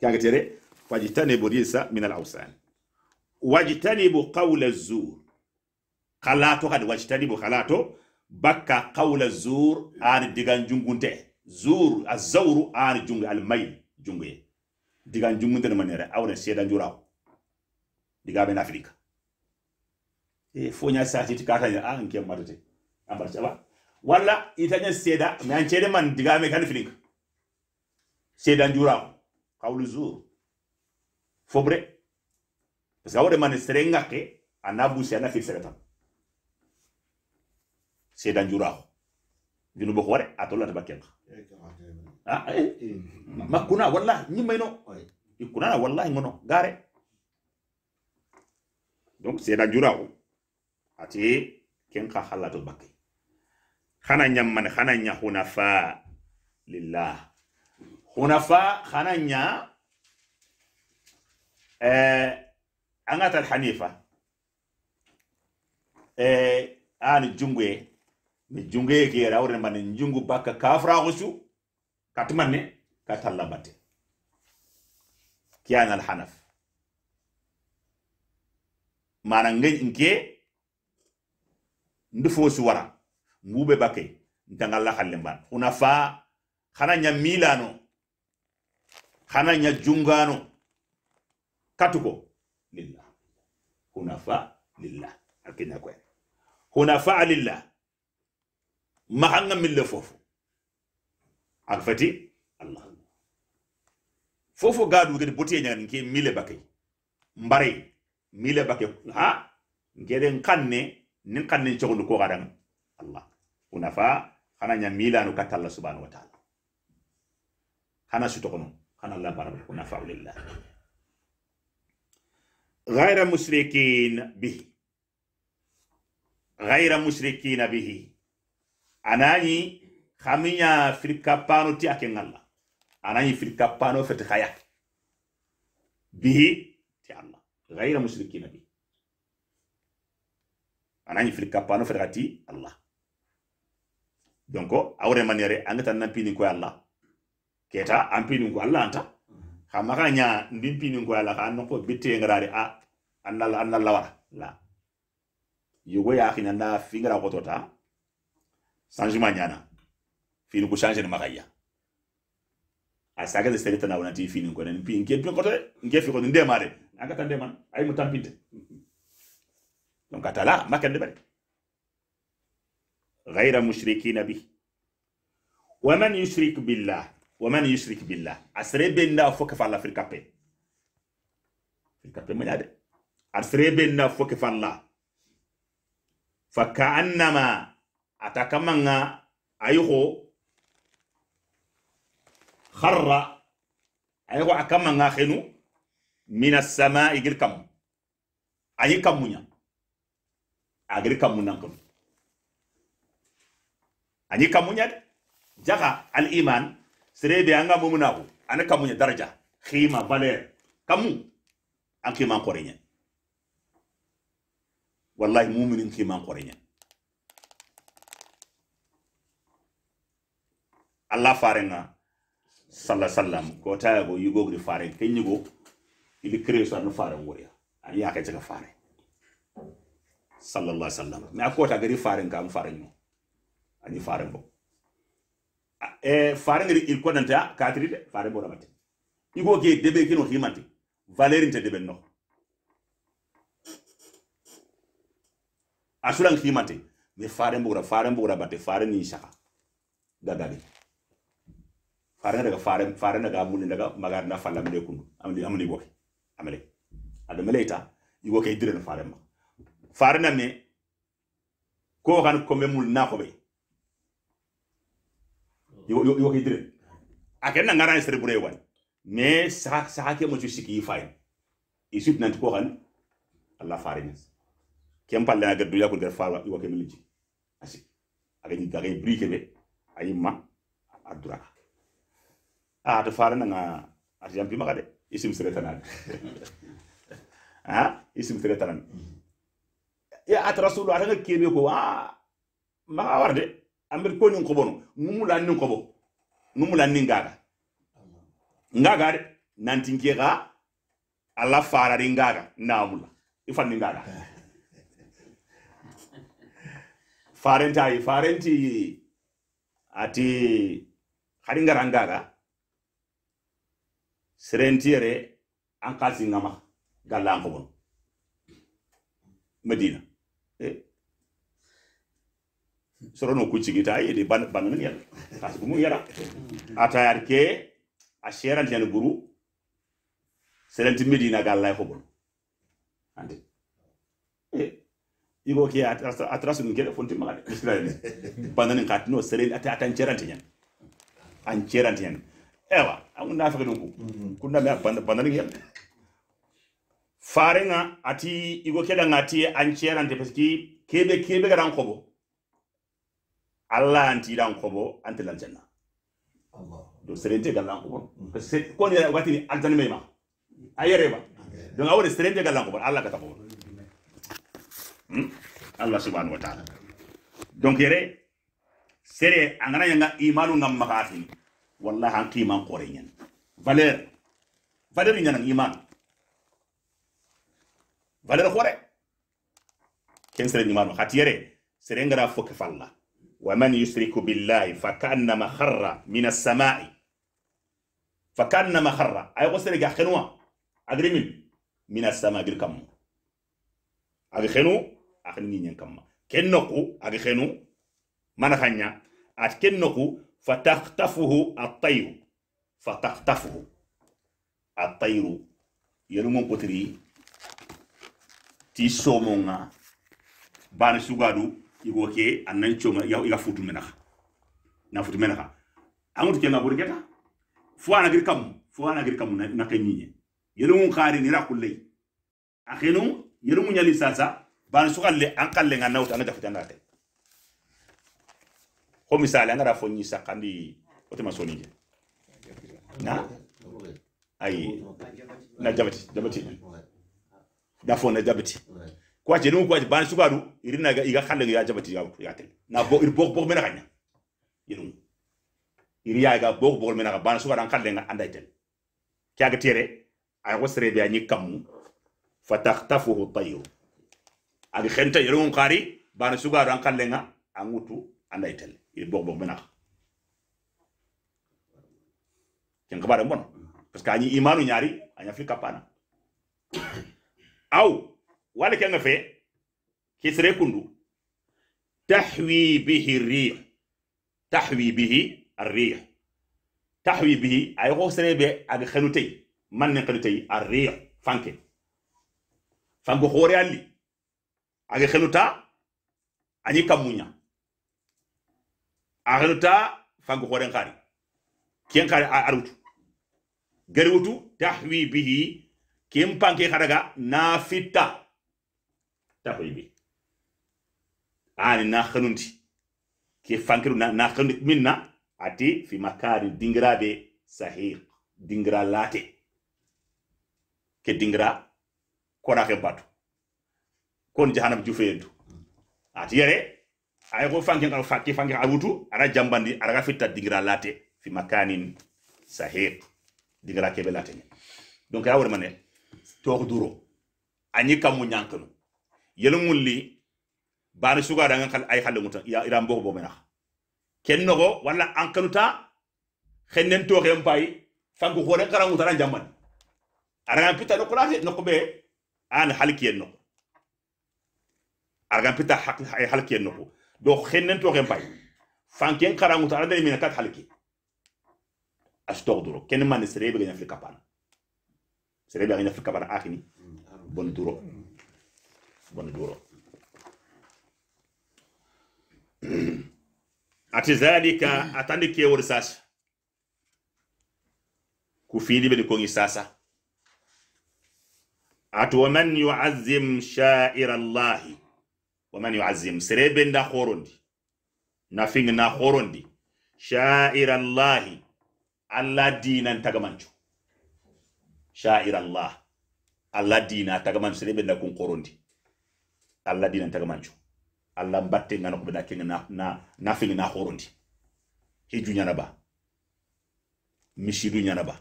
kaga tere wajtanibu risa min al awsan wajtanibu qawla az-zur khalato kad wajtanibu khalato bakka qawla az-zur ar digan jungunte zur az-zawru ar jung al may jungu digan jungunte manere awre sedan juraw diga ben afrika E, fonya foña ti kataña ya ah, ah, an kem matete a mbar caɓa wala itaña seda, mais an ceede man me kan filinka seda ndura kawlu zu fobre parce que a ke, man sere ŋakke ana busi ana fil sere tan seeda njurako junubo ko waɗe a tollata wala ah, eh. makkuna wallahi ñimmayno wala wallahi ngono gaare donc seeda njurako ati ken ka halatul bakki khana nyamman khana nya hunafa lillah hunafa khana nya eh angatal hanifa eh an jungwe ni jungwe ke rawre man jungu bakka kafra husu katmanne katalla batte kiyan al hanaf manan ngai nke ndu fo suwara ngube bake ntangalla hallemban una fa hana nya milano hana nya jungano katuko lillah hunafa lillah akina kwen hunafa lillah mahanga mille fofo ak fati allah fofo gadu gede botiye nyaani ke mille bake mbare mille bake ha ngeden kanne nin kannin cogundu ko gadan allah una fa kana nya milanu katalla subhanahu wa ta'ala kana su tokono kana allah baraba una fa lillah غير مشركين به غير مشركين به anani khaminya firkapano ti aken Allah anani firkapano fetkhaya bihi ti Allah غير مشركين به anañi fili kappano fedakati allah donc awre maniere angata pini kwa allah keta an pinin ko allah anta ha maka ndi pini kwa koye allah ka an nokko bitte ngarari a annalla la wara la yugo yogo yakina nda fingara kotota changement ñana fini ko change ne makaya a sagade seretana wonati fini ko nen pi nke pini kotoɗe nke fi koto ndemade angata ndeman ay mo tampinte donc atala makende bari ghayra mushrikina bi wa man yushrik billah wa man yushrik billah asre benda fo ke falla fil kape fil kape mo nyade asre benda fo ke la fa ka'annama atakamanga ayugo kharra ayugo akamanga khenu min as-sama'i gil kam ayi kamunya agri kamu nankam ani kamunya jaga al iman serebe anga mumunahu ane kamunya daraja khima valer kamu an kiman korenya wallahi muminin kiman korenya allah farenga sallallahu sallam ko tayago gri faren kenyugo ili kreso no faren woriya ani yake jaga faren sallallahu sallam mais a kota eh, gari faren kam faren no ani faren bo e faren gari il kodanta katri de faren bo ramate igo ke debe kino himanti valerin te debe no asuran himante me faren bo faren bo rabate farin ni shaka gagade farin daga farin farin daga mun daga magar na falam de kunu amli amli bo amle adamele ita igo ke dire no ma farna me ko kan ko me mul na ko be yo yo yo hidre aken na ngara sere burewan me sa sa ke mo ki fay isut nan ko kan alla farina kem palle na gaddu yakul gar farwa yo ke milji asi agay agay brike be ma adura a to farina nga arjampi de isim sere tanan ha ah, isim sere tanan e at rasulu atanga kebe ko a maxa war de mumu koñin xobono ko bo mumu ngumulan ni ngaga ngaga de nanti xa ala fara farari ngaga namula i e ni ngaga farenti ayi farenti ati hari ngara ngaga serentiere an xalsi ngama galla an xobono medina sorono de ban ban men yala kasi gumu yara yar ke a tan guru ti medina gallay hobon ande eh, igo ke atras ngi gele fonti maga de misilade banda nen no serenti ata atan yan an tan ewa an nafaka ɗum na ban banda nen yala farenga ati igo da ati an cerante parce que kebe keɓe gaɗan kobo alla anti dan kobo ante lan janna allah do serente galan kobo mm. parce ko ni wati ni aljan mema ayere ba donc awore serente galan kobo allah kata kobo hmm? allah subhanahu wa ta'ala donc yere sere angana yanga imanu ngam makati wallahi an kiman korenyen valeur valeur nyana iman valeur kore ken sere imanu hatiyere sere ngara fokke falla ومن يشرك بالله فكأنما خر من السماء فكأنما خر أي قصر خنوا أجري من من السماء أجري كم أجري خنو أخنين ين كم كنكو أجري خنو ما نخنيا أتكنكو فتختفه الطير فتختفه الطير يرمون بطري تي سومونا بان سوغادو igo ke annan choma e e ya iga e futu menaha na futu mena menaha amutu kenga burgeta fo ana gir kam fo ana gir kam na ka kanyinye yelo mun khari ni rakullay akhenu yelo mun yali sasa ban sukalle an kalle nga nauta na jafuta ndate ko misali nga rafo nyi sakandi o te masoni na ay na jabati jabati dafo na jabati kwa jenu kwa ban sugaru irina ga iga khalle ga jabati ga y'a tel na bo ir bok bok mena kanya yenu iriya ga bok bok mena ga ban sugara khalle ga anday tel kya ga tere ay ko sere bi ani kam fatakhtafuhu tayr ag khenta yenu qari ban sugara khalle ga angutu anday tel ir bok bok mena ken kabare bon parce que ani imanu nyari anya fi kapana aw wala nga fe sere kundu tahwi bihi rih tahwi bihi arrih tahwi bihi ay ko sere be ag xenu tey man ne xenu tey arrih fanke fango xore ali ag xenu ta ani kamunya a xenu ta fango xore xari ken xari arutu gari wutu tahwi bihi kim panke xaraga na fitta tahoyɓe ani na hanundi ke fankiru na, na hanundi minna ati fi makari dingiraɓe sahih dingira laate ke dingira korake batu kon jahanam jufeyentu ati yere ay ko fankin ka fakki fanki awutu ara jambandi ara ga fitta dingira laate fi makanin sahih dingira kebe laate donc ya wor mane to duro anyi kamu nyankanu yelumuli bani suga da ngal ay halle mutan ya iram bo bo menax ken nogo wala ankanuta xenen to xem bay fangu hore karangu tan jamman aran pita no kurate no ko be an halkiyen no aran pita hak ay halkiyen no do xenen to xem pay fanken karangu tan de mina kat halki astogduro ken man serebe gna fil kapana serebe gna fi kapana akini bon duro duro. ati zalika atandi kewol sasa ko fiidi ɓeɗi koŋi sasa ati wa man yuazim sha'ira allahi wa man yuazim sere benda horondi nafiŋ na horondi sha'ira allahi allah dinan tagamanco sha'ira allah alla dina tagamanco sere nda kun horondi allah dinan tagamancu allah batte ngana ko bena na na na fengi na horondi hiju nyana ba mishidu nyana ba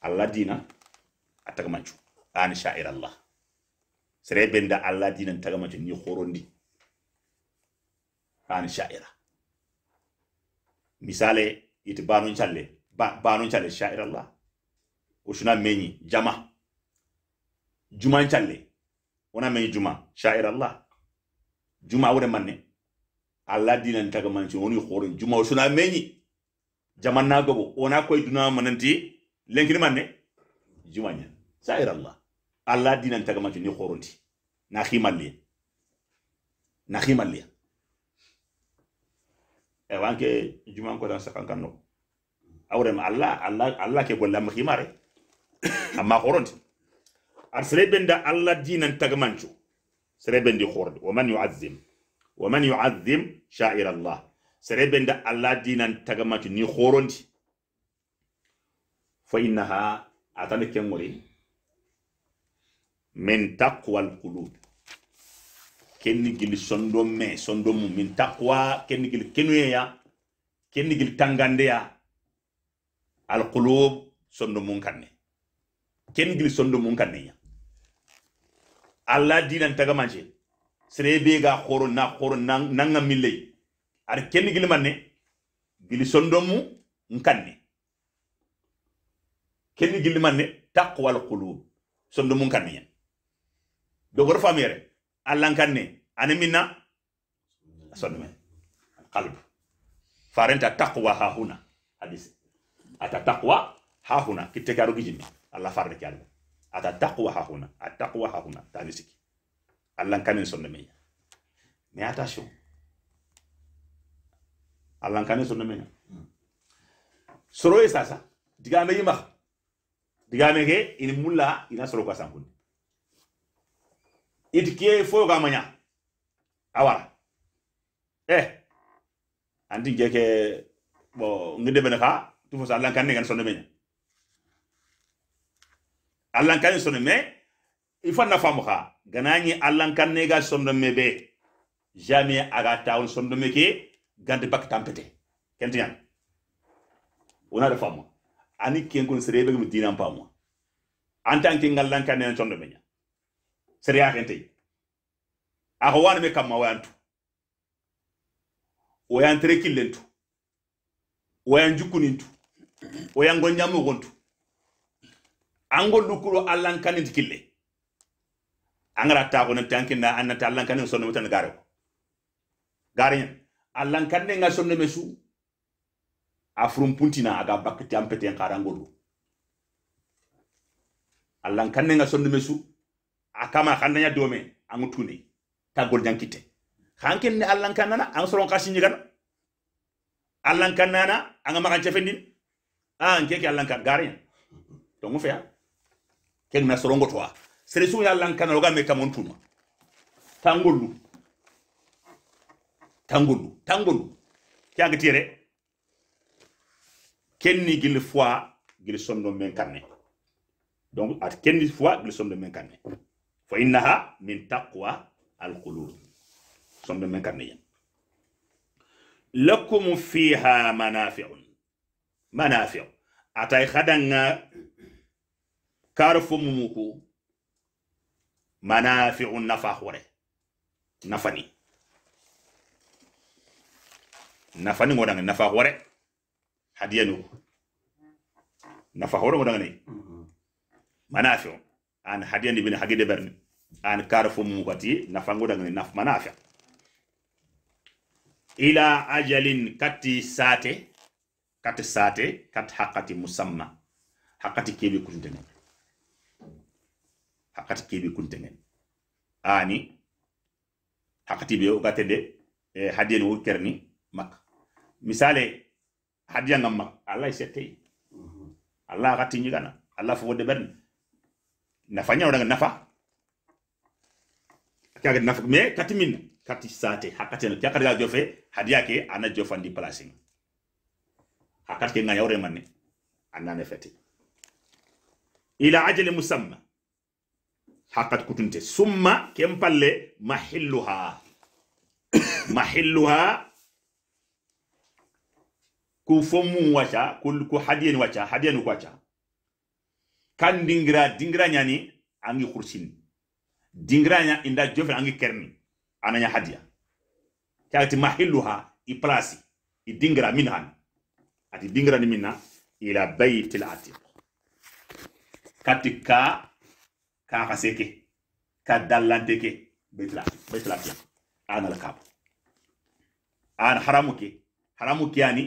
allah dina atagamancu an sha'ir allah sere benda allah dinan tagamancu ni horondi an sha'ira misale iti banun challe ba banun challe sha'ir allah shuna meni jama juma challe wana mai juma sha'ir allah juma wure manne allah dinan taga manci woni horin juma suna meni jaman na gobo ona koy duna mananti lenkini manne juma nya sha'ir allah allah dinan taga manci ni horonti na khimalle na khimalle e wanke juma ko dan sakan kanno awre ma allah allah allah ke golla ma khimare amma horonti ar sereben da allah dinan tagamancu sereben di khord wa man yu'azzim sha'ir allah sereben allah dinan tagamancu ni khorondi fa innaha atana kengori min taqwa alqulub kenni gili sondo me sondo mu min taqwa kenni gili kenuye ya kenni gili tangande ya alqulub sondo nan taga manje sere be ga khoro na khoro nanga mille ar ken gili manne gili sondomu nkanne ken gili manne taqwal qulub sondomu nkanne ya. gor famere Allah nkanne ane minna sondomu qalb farenta taqwa ha huna hadis ata taqwa ha huna kitte karo gijini Allah farne kyalbo ata taqwa ha huna a taqwa ha huna tani siki allan kanin sonno meya ata attention allan kanin sonno meya soroye sasa digame diga me ge in mulla ina soro ka sankunde iti kiye foyo ga manya awa eh anti ngeke bo ngedebene ka tufo sa allan kanin gan sonno meya allan kan sono me ifa na famu ha ganani allan kan ne ga sondo me be jamais aga taun sondo me ke gande bak tampete yan ona da famu ani ken kun serebe mu dinan pamu en tant que ngallan kan ne sondo me nya kenti a ako wan me kamma wayantu wayantere killentu wayan jukkunintu wayan gontu an angollu kuro allan kanin kille angara ta ko nan tankin na anna ta allan kanin sonno mutan garo garin allan kanin nga sonno mesu afrum puntina aga bakti ampete en karangolu allan kanin nga sonno mesu akama kandanya dome angutune tagol jankite hankin ne allan kanana an soron kashi nyigan allan kanana anga makan chefendin ah an ke allan kan garin to mu fe ken na sorongo to selection ya lan kana loga meta montuma tangulu tangulu tangulu kya tire kenni gil fois gil sondo men kanne donc at kenni fois gil sondo men kanne fa innaha min taqwa al qulub sondo men kanne yen lakum fiha manafi'un manafi' atay khadanga kar mumuku manafi'u nafa hore nafani nafani nafa hore hadiyanu nafa hore ngodanga ni mm-hmm. manafi'u an hadiyan ibn hagide berni an kar mumukati nafa naf manafi'u ila ajalin kati sate kati sate kati hakati musamma hakati kebi. hakati kebe kuntengen ani hakati be o gatede e eh, hadiyen wo kerni mak misale hadiya ngam mak allah sette allah gatti nyigana allah fo de bern nafa nyaw daga nafa kaga nafa me katimin kati sate hakati na kaga ga jofe hadiya ke ana jofandi placing hakati ke ngayore manne anane fete ila ajali musamma hakat kutunte summa ken palle mahilluha mahilluha ku fomu wacha ku, ku hadiyen wacha hadiyen wacha kan dingra dingra nyani angi kursini dingra nya inda jofe angi kerni ananya hadiya kati mahilluha i place i dingra minhan ati dingra ni minna ila baytil atiq katika ka xase ke ka dallante ke baytulal kiyam anal kabo an haramu ke haramu ke ani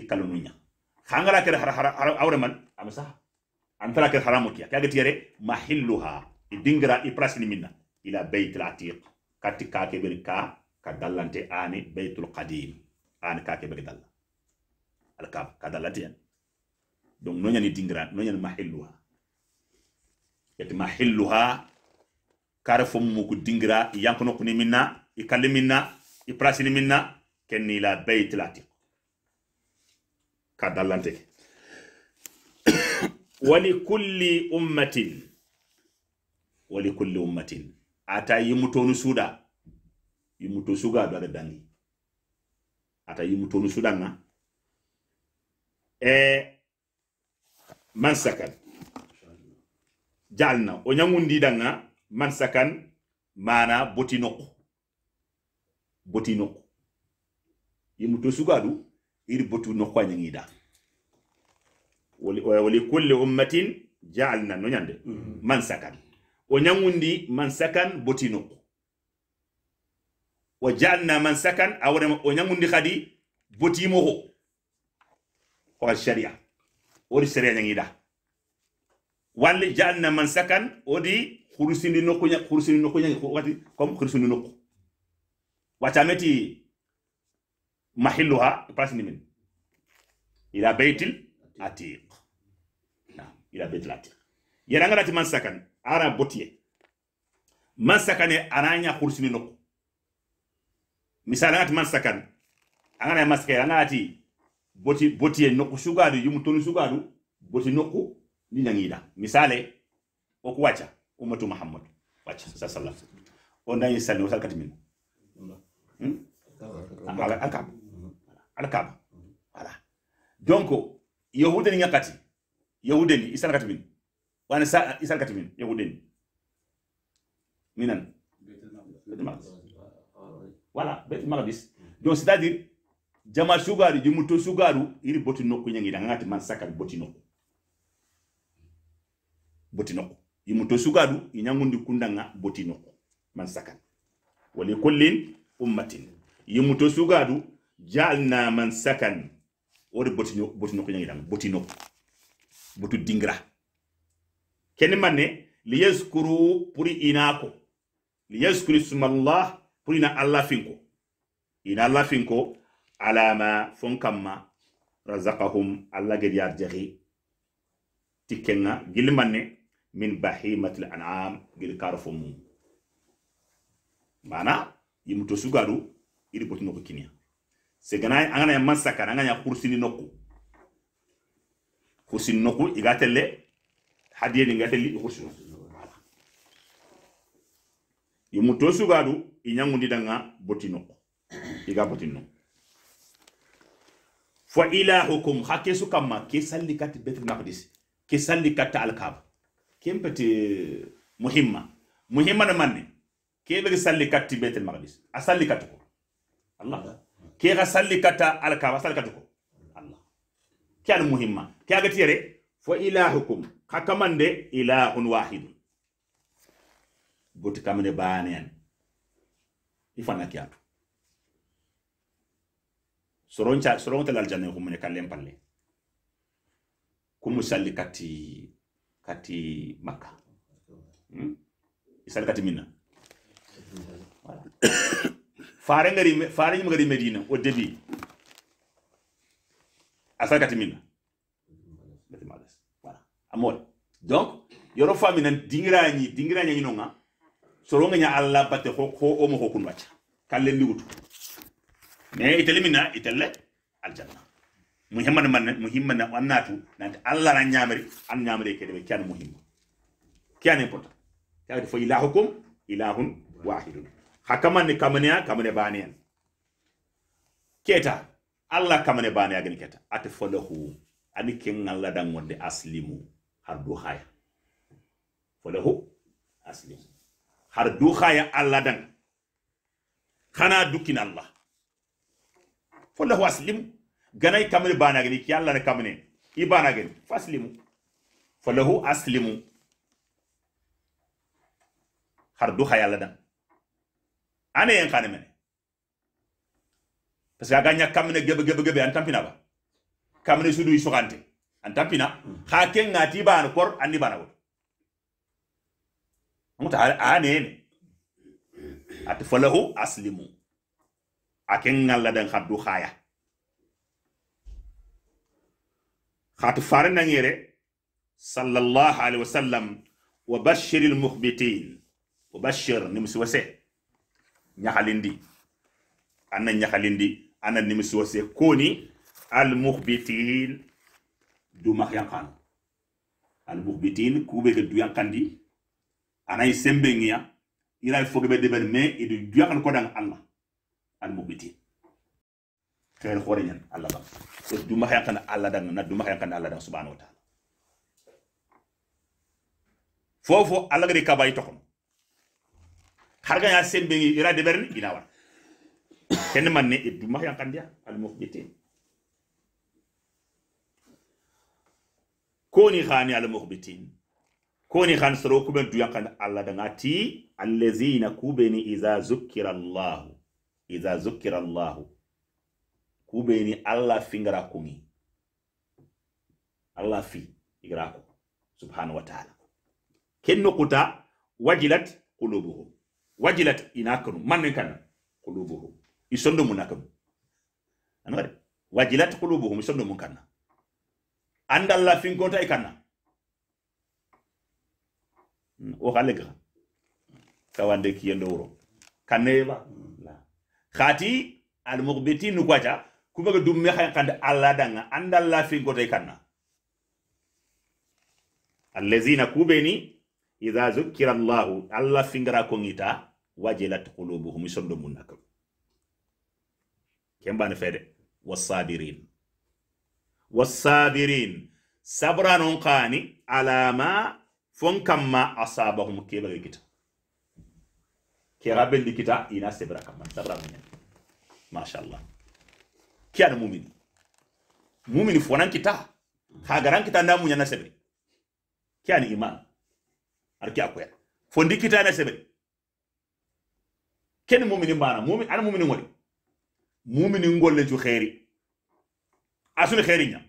i kalonu ɲa xangara kere awreman ama saha antara kere haramu ke kaga tiyere mahilluha idingra dingira i prasini ila baytil atiq kati ke kebeni ka dallante ani baytul qadim ani ka kebeni dalla alkab ka dallante yan donc noñani dingra noñani mahilluha yati mahilluha kare fo mu ku dingira yankono kuni minna i kalli minna i prasini minna kenni la bayt lati ka wa wali kulli ummatin wali kulli ummatin ata yimutonu suda yimuto suga do da dani ata yimutonu suda na e man sakal jalna o ñangundiɗanga man sakan mana boti nokku boti nokku yimu to sugadu iri botu nokku a ñangiɗa wali kulli ummatin jaalna no ñande mm-hmm. man sakan o ñangundi man sakan boti nokku o jaalna man sakan a waɗama o ñangundi kadi botimoko oxa sharia wori sharia ñangiɗa walli janna man sakan odi khurusini nokku nya khurusini nokku nya wati comme khurusini nokku wacha meti mahilluha e pas ni min ila baytil atiq na ila baytil atiq yara ngara man sakan ara botiye man sakane aranya khurusini nokku misala ngati man sakan angana maskere angati boti botiye nokku sugadu yumu tonu sugadu boti nokku ɗiñangida misale oku wacha ummatu muhammad wacha wacca sa sallam o dañi salli o salkati min hmm? alkaba alkaba voilà donc yahude ni ngakati yahude ni isal min wana sa isal min yahude ni minan betul maqdis voilà betul maqdis donc c'est à dire jama sugaru jumuto sugaru iri botino kunyangida ngati man sakal botino botinoko yimuto sugadu inyangundi kundanga botinoko man sakan wali kullin ummatin to sugadu jalna man sakan wori botinoko nyangi nyangidang botinoko botu dingra kene manne liyaskuru puri inako liyaskuru smallah puri na allah finko ina allah finko alama fon razaqahum razakahum allah gediar jahi tikenga gilmanne min bahimatil an'am gil karfo mana yimuto sugaru iri botino ko kinya se gana angana ya masaka angana ya kursini nokku kursini nokku igatelle hadiye ni ngatelle kursini yimuto sugadu inyangundi danga botino iga botino fa ilahukum hakisu kama ke betu betul maqdis ke kempati muhimma muhimma na manne kebe ga salli katti betel maqdis a salli kattu ko allah ke ga salli katta al kaaba salli kattu ko allah ke al muhimma ke aga tiere fo ilahukum hakamande ilahun wahidun boti kamne banen ifana kiatu soronta lal janne humne kallem palle kumu salli katti kati maka hmm? isal kati minna voilà. faare ngari faare ngari medina au début asal kati minna bati malas voilà amol donc yoro fami nan dingirañi dingirañañi nonga sorongaña allah batte ho ho omo ho kun wacca kallen ndi wutu mais itele minna itelle aljanna muhimman man muhimman an natu nanti allah ran ñamari an ñamare ke ɓe kyan muhimma kyan important kawde fo ilahukum ilahun wahidun ha kamanni kamaneya kamane baneyan keta allah kamane baneya gani keta ate falahu ani ken allah dan wonde aslimu har du haya falahu aslimu har du khaya allah dan hana dukin allah falahu aslimu ganay kamri banagini ki yalla na kamne i banagini faslimu falahu aslimu har du hayalla dan ane en kane mene parce que aga nya kamne gebe gebe gebe an tampina ba kamne sudu i sokante an tampina ha ken ngati ban kor anni banago muta ane ne at falahu aslimu aken ngalla dan haddu khaya خاتو فارن نيري صلى الله عليه وسلم وبشر المخبتين وبشر نمس نحلين دي انا دي انا نمس وسي كوني المخبتين دو مخيان المخبتين كوبي دو دي أنا sembengiya ila إلا يفوق بي me idu duyakan ko dang allah al mubitin kayr khorenyan allah ba so ma yakana Allah dan na ma yakana Allah dan subhanahu wa ta'ala fofo Allah gari kabay har ga ya sembe ira de berni ina war ken e du ma duma dia al mukhbitin ni khani al mukhbitin ni khan soro ben du yakan Allah dan ti allazina kubeni iza zukira allah iza zukira allah ni allah ngara kungi allah fi igara ko subhanahu wa ta'ala kenno kuta wajilat qulubuhum wajilat inakanu mannen kana qulubuhum isondo munakam anore wajilat qulubuhum isondo mun kana fi finkota ikanna hmm, o halega kawande kiyendo wuro kaneba hmm, khati al-mughbitin kwacha kuɓega dumme xayn xande allah danga anda fi finkote kanna allazina kuɓeni ida zukkira allahu allah ko kongita wajilat qulubuhum sondo mun nakam kembani fede wasabirin wasabirin sabranon kani alama fon kamma asabahum kebe kita kera bendi dikita ina sabra kamma sabra muñen allah kiyana mumini mumini fonan kita hagaran kita na munya na sebri iman arki akoya fondi kita na ken mumini bana mumin ana mumini ngoli mumini ngolle ju khairi asuni khairi nya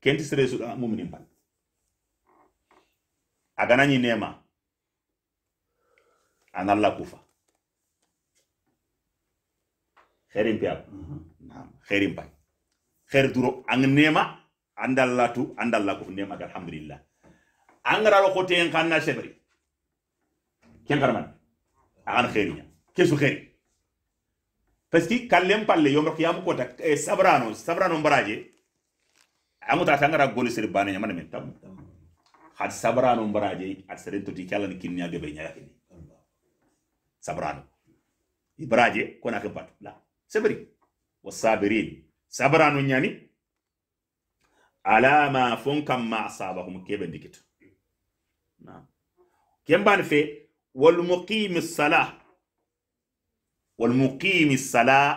kenti sere su ah, mumini ban agana ni nema anala kufa herin piyam mhm. herin pay her duro ang nema andallatu andalla ko nema alhamdulillah angara ro ko ten kanna sebri ken karman agan kherinya kesu kheri parce que kallem palle yomro qiyam ko tak eh, sabrano sabrano baraje amuta tangara goli sir bana nyamana men tam had sabrano baraje ad sere to ti kalani kinnya de be nyaaki sabrano ibraje kona ke pat la sabri wasabirin sabranu ñani ala ma ke kam ma asabahum keɓe ndikita kembani fe salah wal muqimi salah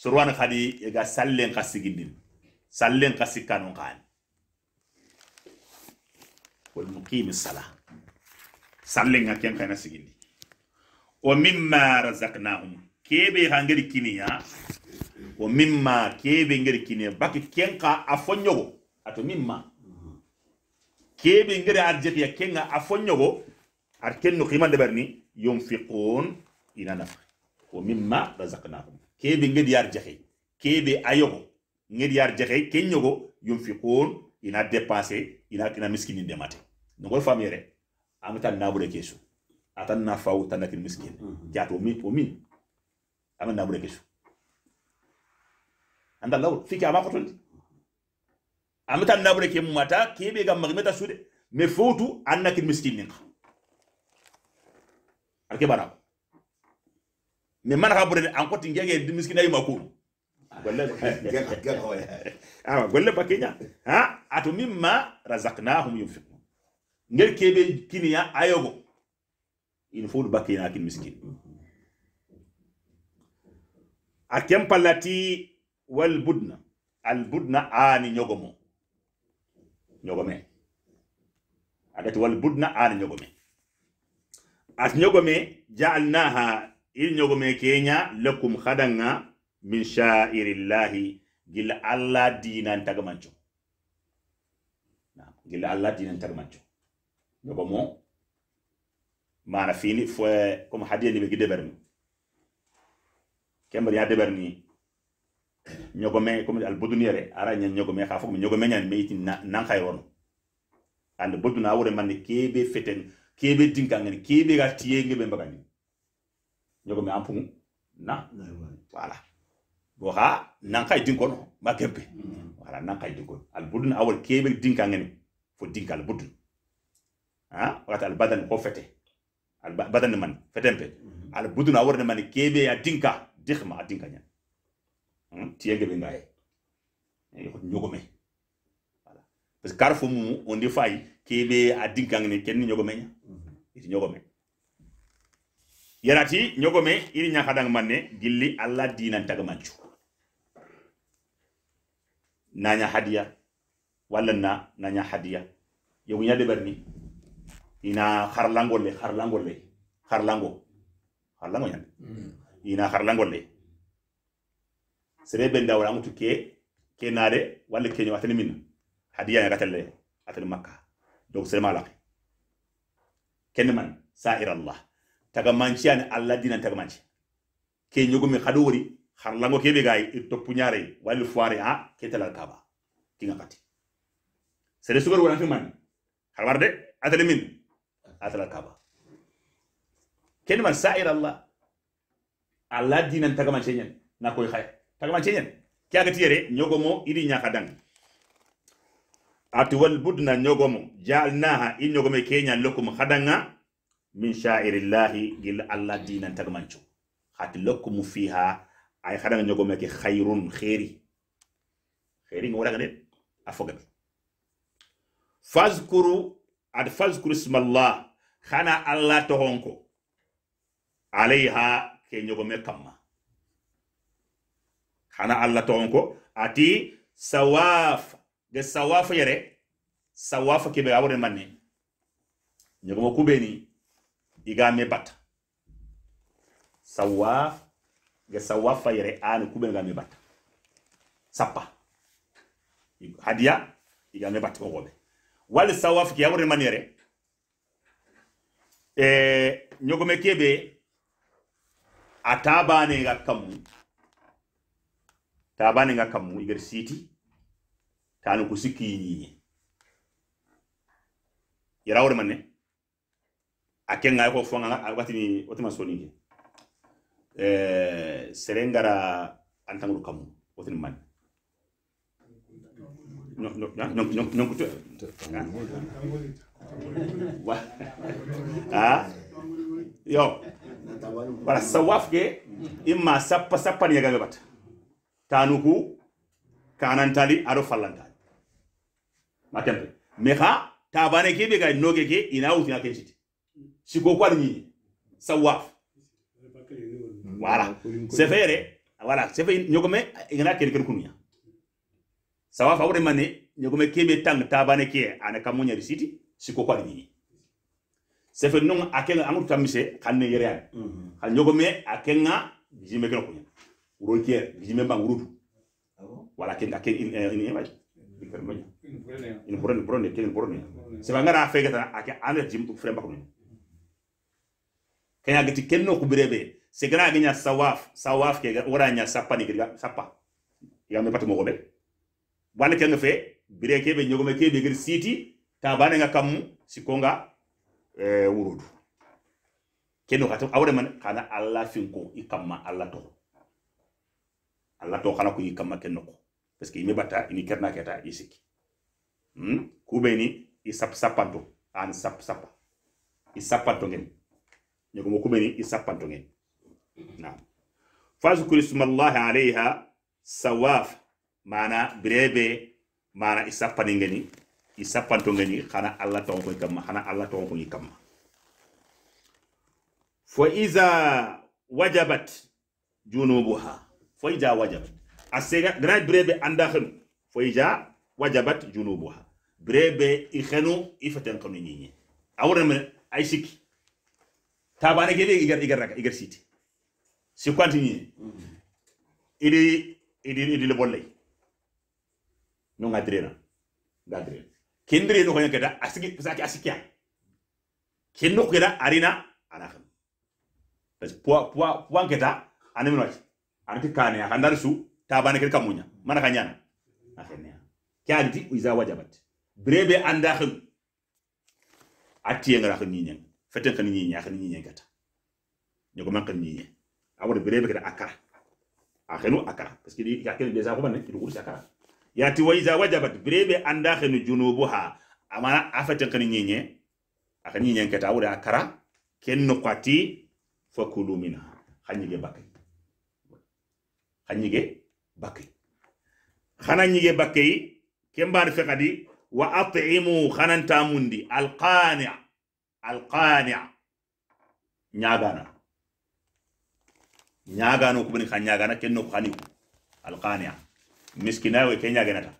surwan khadi ega sallen ka sallen ka sikkanon wal muqimi salah sallen ga ken kana sigindi wa mimma razaqnahum kebe ga ngeri kiniya wa mimma kebe ngeri kiniya baki kenka afonyogo ato mimma kebe ngeri arjeti ya kenga afonyogo arken no kiman debarni yunfiqun ina nafa wa mimma razaqnahum kebe ngeri arjeti kebe ayogo ngeri arjeti kenyogo yunfiqun ina dépenser ina kina miskini ndemate ngol famire amata nabure kesu atan na fawu tanakin miskin mm-hmm. jato mi o mi amen na bure kesu da law fiki ama kotondi amta na bure ke mata ke be gam magmeta de me fotu anna kin miskin nin alke bana me mana ka bure an kotin gege miskin ay makuru golle awa golle pakenya ha atu mimma razaqnahum yunfiqun ngel kebe kiniya ayogo in fotu bakina kin miskin a ken budna al budna ani ñogomo ñogome agati budna ani nyogome ati nyogome jaalnaha il nyogome kenya lakum khadanga min shairillahi gil alla dinan tagamanco gila alla dinan tagamanco nyogomo mana fini fo comme hadiyani be ɓe gideɓermi kembar ya deber ni ñogome comme al bodun yere ara ñan ñogome xa fokum ñogome ñan meyti nan xay wono and boduna wore man kebe feten kebe dinka ngani kebe ga tiye ngebe mbagani ñogome ampu na wala bo ha nan xay dinko no ma kempe wala nan xay dinko al bodun awol kebe dinka ngani fo dinka al bodun ha wata al badan ko fete al badan man fetempe mm-hmm. al bodun awor man kebe ya dinka di ma ati kanya hmm? ti yege be ngaye e ko nyogo me wala parce que carfo mu on di fay ke be ati kang ne ken nyogo me nya mhm. iti nyogo me yarati nyogo me iri nya kadang manne gilli alla dinan tagamancu nanya hadiya wala na nanya hadiya yogu nya de berni ina harlango le harlango le harlango ina harlangolle sere ben dawra amutu ke ke naade walla keño atani minna hadiya ga telle atani makka donc sere malaki kenne man sahir allah taga manci ani allah dinan taga manci ke ñogumi xado wori harlango kebe gaay i toppu ñaare walla foire a ke talal kaba kinga kati sere sugar wona fi man harwarde atani min atalal kaba kenne man sahir allah ala dinan tagamanche ñen na koy xay tagamanche ñen ke agati yere ñogomo idi ñaka dang ati wal budna ñogomo jaalnaha i ñogome keña lokum hadanga min shairillahi gil ala dinan tagamancho hati lokum fiha ay hadanga ñogome ke khairun khairi khairi ngora ngade afogabe fazkuru ad fazkuru ismallah khana alla tohonko alaiha ke ñogome kamma hana allah toonko ati sawaf de sawaf yere sawafa kebe a woren manne ñogomo kubeni igame bat sawaf ge sawaf yere an kubeni game bat sappa hadiya igame batta kogoɓe wal sawaf ke a woren manne yere e eh, ñogome kebe a kamu kammu tabanega kammu igar siti tanu kusiki sikkiñiñe yarawore man ne a kenga ko fonga watini otima soninge eh, serengara antanguru kamu watini man ñonkutu ah? yo Bara sawaf ke imma sappa sappan yagaɓe bata tanuku kanantali tali fallantali falanda. tempe mais ha tabane be ga noge ke ina uti na kenchi. siko ko ni ñiñi sawaf Wala. Sefere wala voilà c'est fe ñogome ken ken sawaf awre mane ñogome keɓe tang tabane ke ana kammoñari risiti. siko ko ni. ñiñi sefe nung akenga angu tamise kane yere an kan nyogo me akenga jime keno kunya uro kier jime bang urudu wala kenga ken in in in waj in in burone ken burone sefa ngara afe tan ake ane jim tuk frem bakunya kenya geti kenno kubirebe segana agenya sawaf sawaf ke ora nya sapa ni kega sapa ya me patu mogobe wala kenga fe bire kebe nyogo me kebe gir siti tabane nga kamu sikonga eh, wurudu kendo kato awre man kana alla finko ikamma alla to alla to kana ko ikamma kenno ko parce que bata batta ini kerna keta isiki hmm kubeni isap sapanto an sap sapa isapanto ngen nyego mo kubeni isapanto ngen na fazkuru ismallahi alaiha sawaf mana brebe mana isapani ngeni i sappantongeni xana allah tonkoy kamma xana allah tonkoy kamma fo iza wajabat junubuha fo iza wajabat a sega gana anda xenu fo iza wajabat junubuha i xenu i xenu ñiñe a ay sikki tabane ke igar igar igar siti si idi idi idi le drena drena kendire no hoya gada asigi zaki asikia kenno gada arina ana kham tas po po po angeta anemin wach anti kane ya handar su tabane kel kamunya mana kanyana akhenya kyanti iza wajabat brebe anda kham atiye ngara kham nyen feten kham nyen kham nyen gata nyoko man kham nyen awor brebe kada akara akhenu akara parce que il y a quelques des arguments qui nous akara yati wa iza wajabat brebe anda khenu junubuha amana afatan kan nyenye akan nyenye kata wura kara ken no kwati fakulu minha khanyige bakke khanyige bakay khana nyige bakay kembar fe kadi wa at'imu khanan tamundi alqani' alqani' nyagana nyagano kubani khanyagana ken no khani alqani' miskinawe kenya genata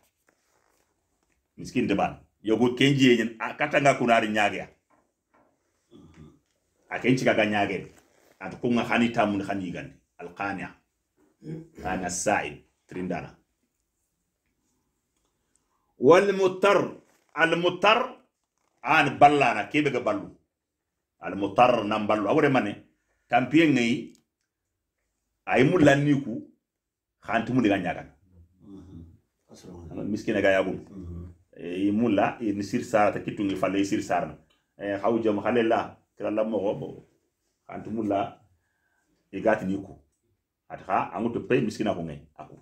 miskin de ban yogo kenji yen akata nga kunari nyaage akenchi kaga nyaage at kunga hani tamun hani gandi alqania ana sa'id trindana wal mutar al mutar an ballana kebe ga ballu al mutar nan ballu awre mane tampiye ngai ay mulanniku khantumu diga nyaagan miskine ga yagum i mulla ni sir sarata kittungi falle i sir sarna eh, xaw jom xale la kira la moxo xanti mulla i gatini ku ati xa angutu pay miskina kunge aku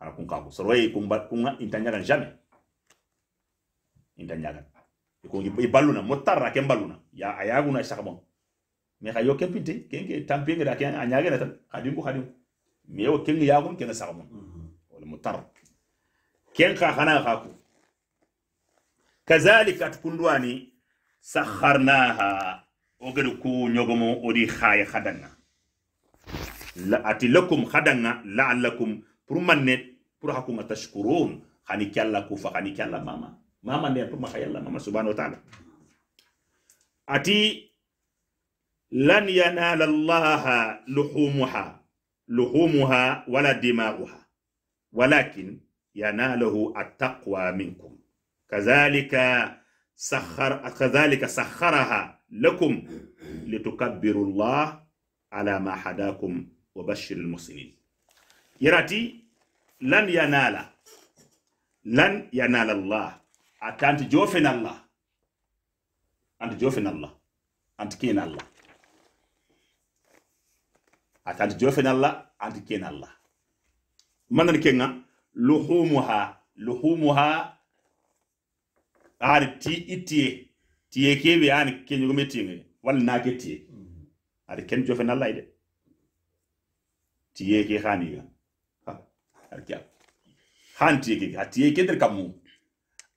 ana kun kaku soroye kumba kunga inta ñagan jamais inta ñagan ikongi i balluna mottarra ken balluna ya ayaguna saxamon mais xa yo ken pinte kenke tampiyengeda ken a ñagena tan xadinku xadinku mais wo kenga yagun kena saxamon mm -hmm. wal mutar ken ne pour khayalla mama subhanahu wa ta'ala ati luhumuha wala ولكن يناله التقوى منكم كذلك سخر كذلك سخرها لكم لتكبروا الله على ما حداكم وبشر المسلمين يراتي لن ينال لن ينال الله أنت جوفن الله أنت جوفن الله أنت كين الله أنت جوفن الله أنت كين الله manan kenga luhumuha luhumuha ar ti itie tiye kebe an kenyo me tinge wal na ke tiye ar ken jo fe na laide tiye ke khani ga ar kya khan tiye ke ha tiye ke der kamu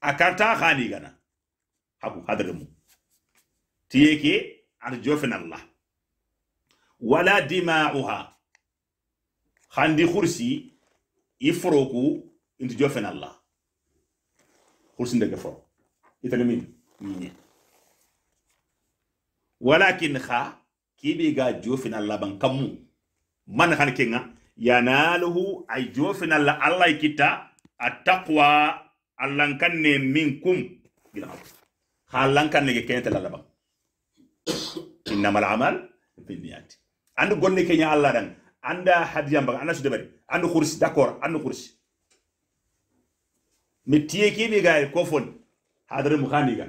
akarta khani ga na habu hadar mu tiye ke ar jo fe na allah wala dima'uha khandi khursi i foroku inti jofen allah hulsindege foro itani min ni walakin ha bi ga jofin allah ban kammu man han kenga yanaluhu ay jofin allah allah kita a taqwa allankan ne min kum gina ha allankan ne kenta lalaban innamal amal binniyati andu gonne kenya allah dan anda hadiyambaga anda sudebari anda kursi d'accord anda kursi mi tiye kebe gay ko fon hadare mu khani ga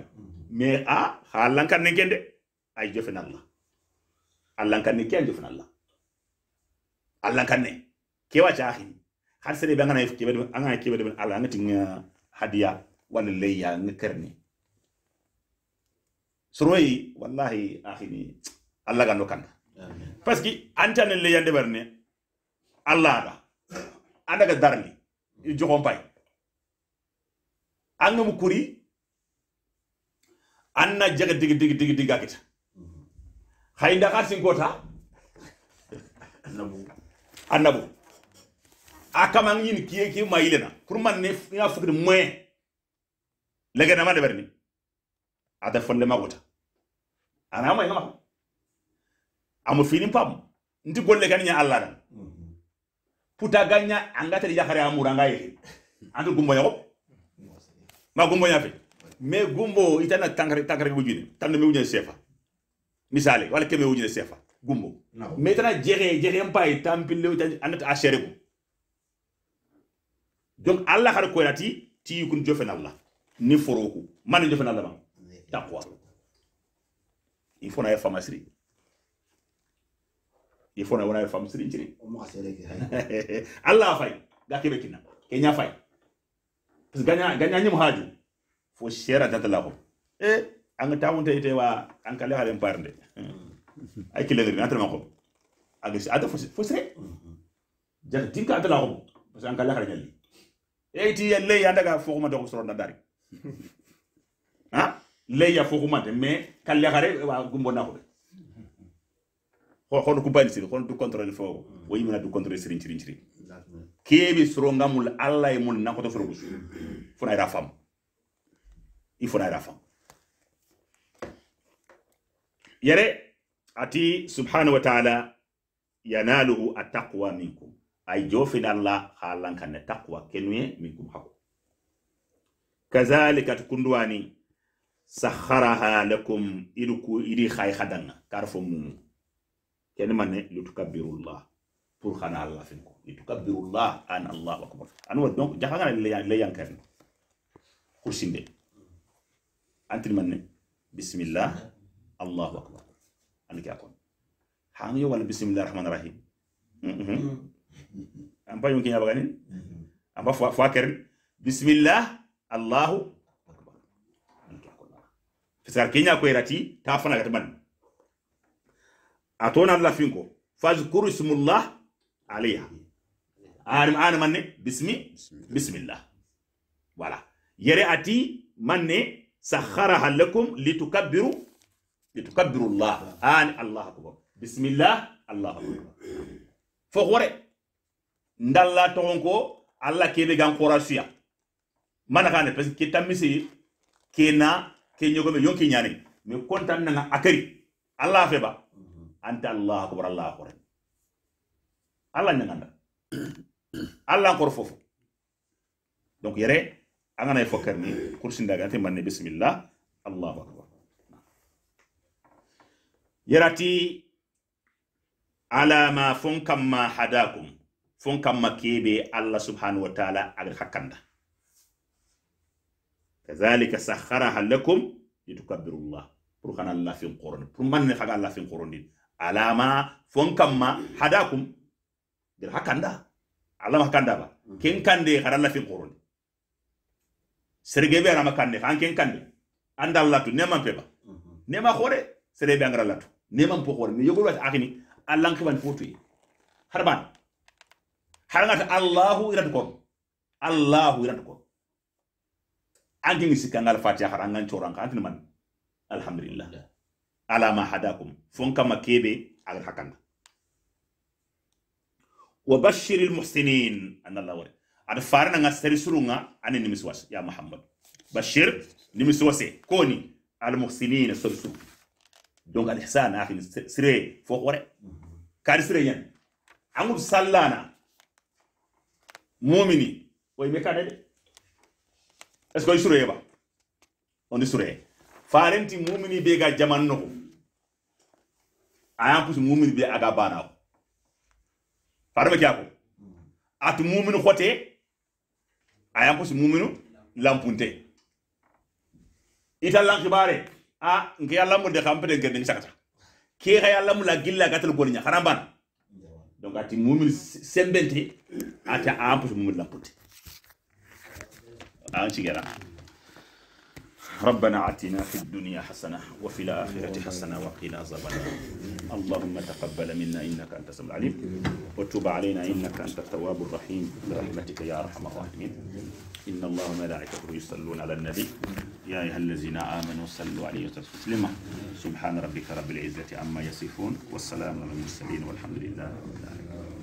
me a ah, halan kan ne kende ay jofen allah allah kan ne ken jofen allah allah kan ne ke wa jahi har sere be ngana kebe dum anga kebe dum allah ngati hadiya wala leya ngarni suroi wallahi akhini allah ga no kanda parce que antanen le yande berne allah da anda ga darli jogon pay angam kuri anna jaga dig dig dig dig akita hayda sin kota nabu annabu akamang yin kiye ki mailena pour man ne ya fakir moyen lega na ma de berni ada folle ma wota ana ma ngama amu fini pam nti golle kan nya allah dan mhm. puta ganya anga tadi jakare amura anga yele antu gumbo yako ma gumbo nyafe me gumbo itana tangare tangare wujine tan me wujine sefa misale wala me wujine sefa gumbo me tana jere jere mpay tampille wujine anata ashere ko donc allah har lati ti yukun jofen allah ni foroku man jofen allah ban taqwa il faut na ya famasri ifona wona e fam sirin ciri allah fay ga kebe kinna ke nya fay pis ganya ganya nyim haju fo shera tata la ko e eh, an ta wonte ite wa an kale hare parnde mm-hmm. ay kile ngir natal ma ko aga si ata fo sire mm-hmm. jar tinka ata la ko parce an kale hare nyalli e ti yalle ya daga fo kuma ma do soro na dari ha le ya fo ko ma de mais kale hare wa gumbo na ko hono ko bali siri hono du contrôle fo mm. wayi mina du contrôle siri ciri ciri kebe soro ngamul alla e mun nakoto soro busu mm. fona ira fam il fona ira fam yare ati subhanahu wa ta'ala yanaluhu ataqwa minkum ay jofin alla halan kan taqwa kenwe minkum hako kazalika tukundwani sakharaha lakum iduku idi khay khadanga karfo mumu kene mana itu pour khana allah fin ko kabirullah an Anu akbar an wa donc jaxanga kan leyankarni xursinde antri mana? Ya? bismillah Allah akbar an ki akon kon yo walla mm-hmm. mm-hmm. bismillah rahman rahim an pa yonki ñabaganin am pa bismillah Allah akbar ani ke a kon ta fana gatman atona allah finko kuru ismullah alayha arim ana manne bismi bismillah wala yere ati manne sakharaha halakum litukabbiru litukabbiru allah ani allah akbar bismillah allah akbar fo hore ndalla togon ko allah kebe gan korasiya mana kane pes ki tamisi kena ke ñogome yonki nyane mi kontan nanga akari allah fe ba انت الله اكبر الله اكبر الله نغاندا الله اكبر فوف دونك يري انا ناي فكر مي كرسي ندا غانتي ماني بسم الله الله اكبر يراتي على ما فنكم ما حداكم فنكم ما كيبي الله سبحانه وتعالى على حكاندا كذلك سخرها لكم لتكبروا الله بروخان الله في القرآن بروخان الله في القرآن دي. alama fonkamma hadakum dir hakanda alama hakanda ba hmm. ken kande haralla fi qurun sergebe arama kande han ken kande anda latu neman peba hmm. nema khore serebe angara latu neman po khore ni yogol wat akini allan kiban fotu harban harangata allahu irad ko allahu irad ko antin sikangal fatiha harangan coranka antin man alhamdulillah ala ma hadakum fon kama kebe ala hakanda wa al muhsinin anna allah wari ad farana nga seri surunga ani nimiswas ya muhammad bashir nimiswase koni al muhsinin sari suru donc al ihsan akhi sire fo wore kari sire yan amul sallana mumini way me kanade est ce que sure ba on sure farenti mumini be ga jaman ayan kus mumin be aga bana ko farma kyako atu mumin khote ayan kus muminu lampunte ita lan lankibare a ngi yalla mo de kampede ngedde sakata ki ga yalla mo la gilla gatal golnya ban donc ati mumin sembente ata ampus mumin lampunte an gara ربنا اتنا في الدنيا حسنه وفي الاخره حسنه وقنا عذاب النار اللهم تقبل منا انك انت السميع العليم وتب علينا انك انت التواب الرحيم برحمتك يا ارحم الراحمين ان الله وملائكته يصلون على النبي يا ايها الذين امنوا صلوا عليه وسلم سبحان ربك رب العزه عما يصفون والسلام على المرسلين والحمد لله رب العالمين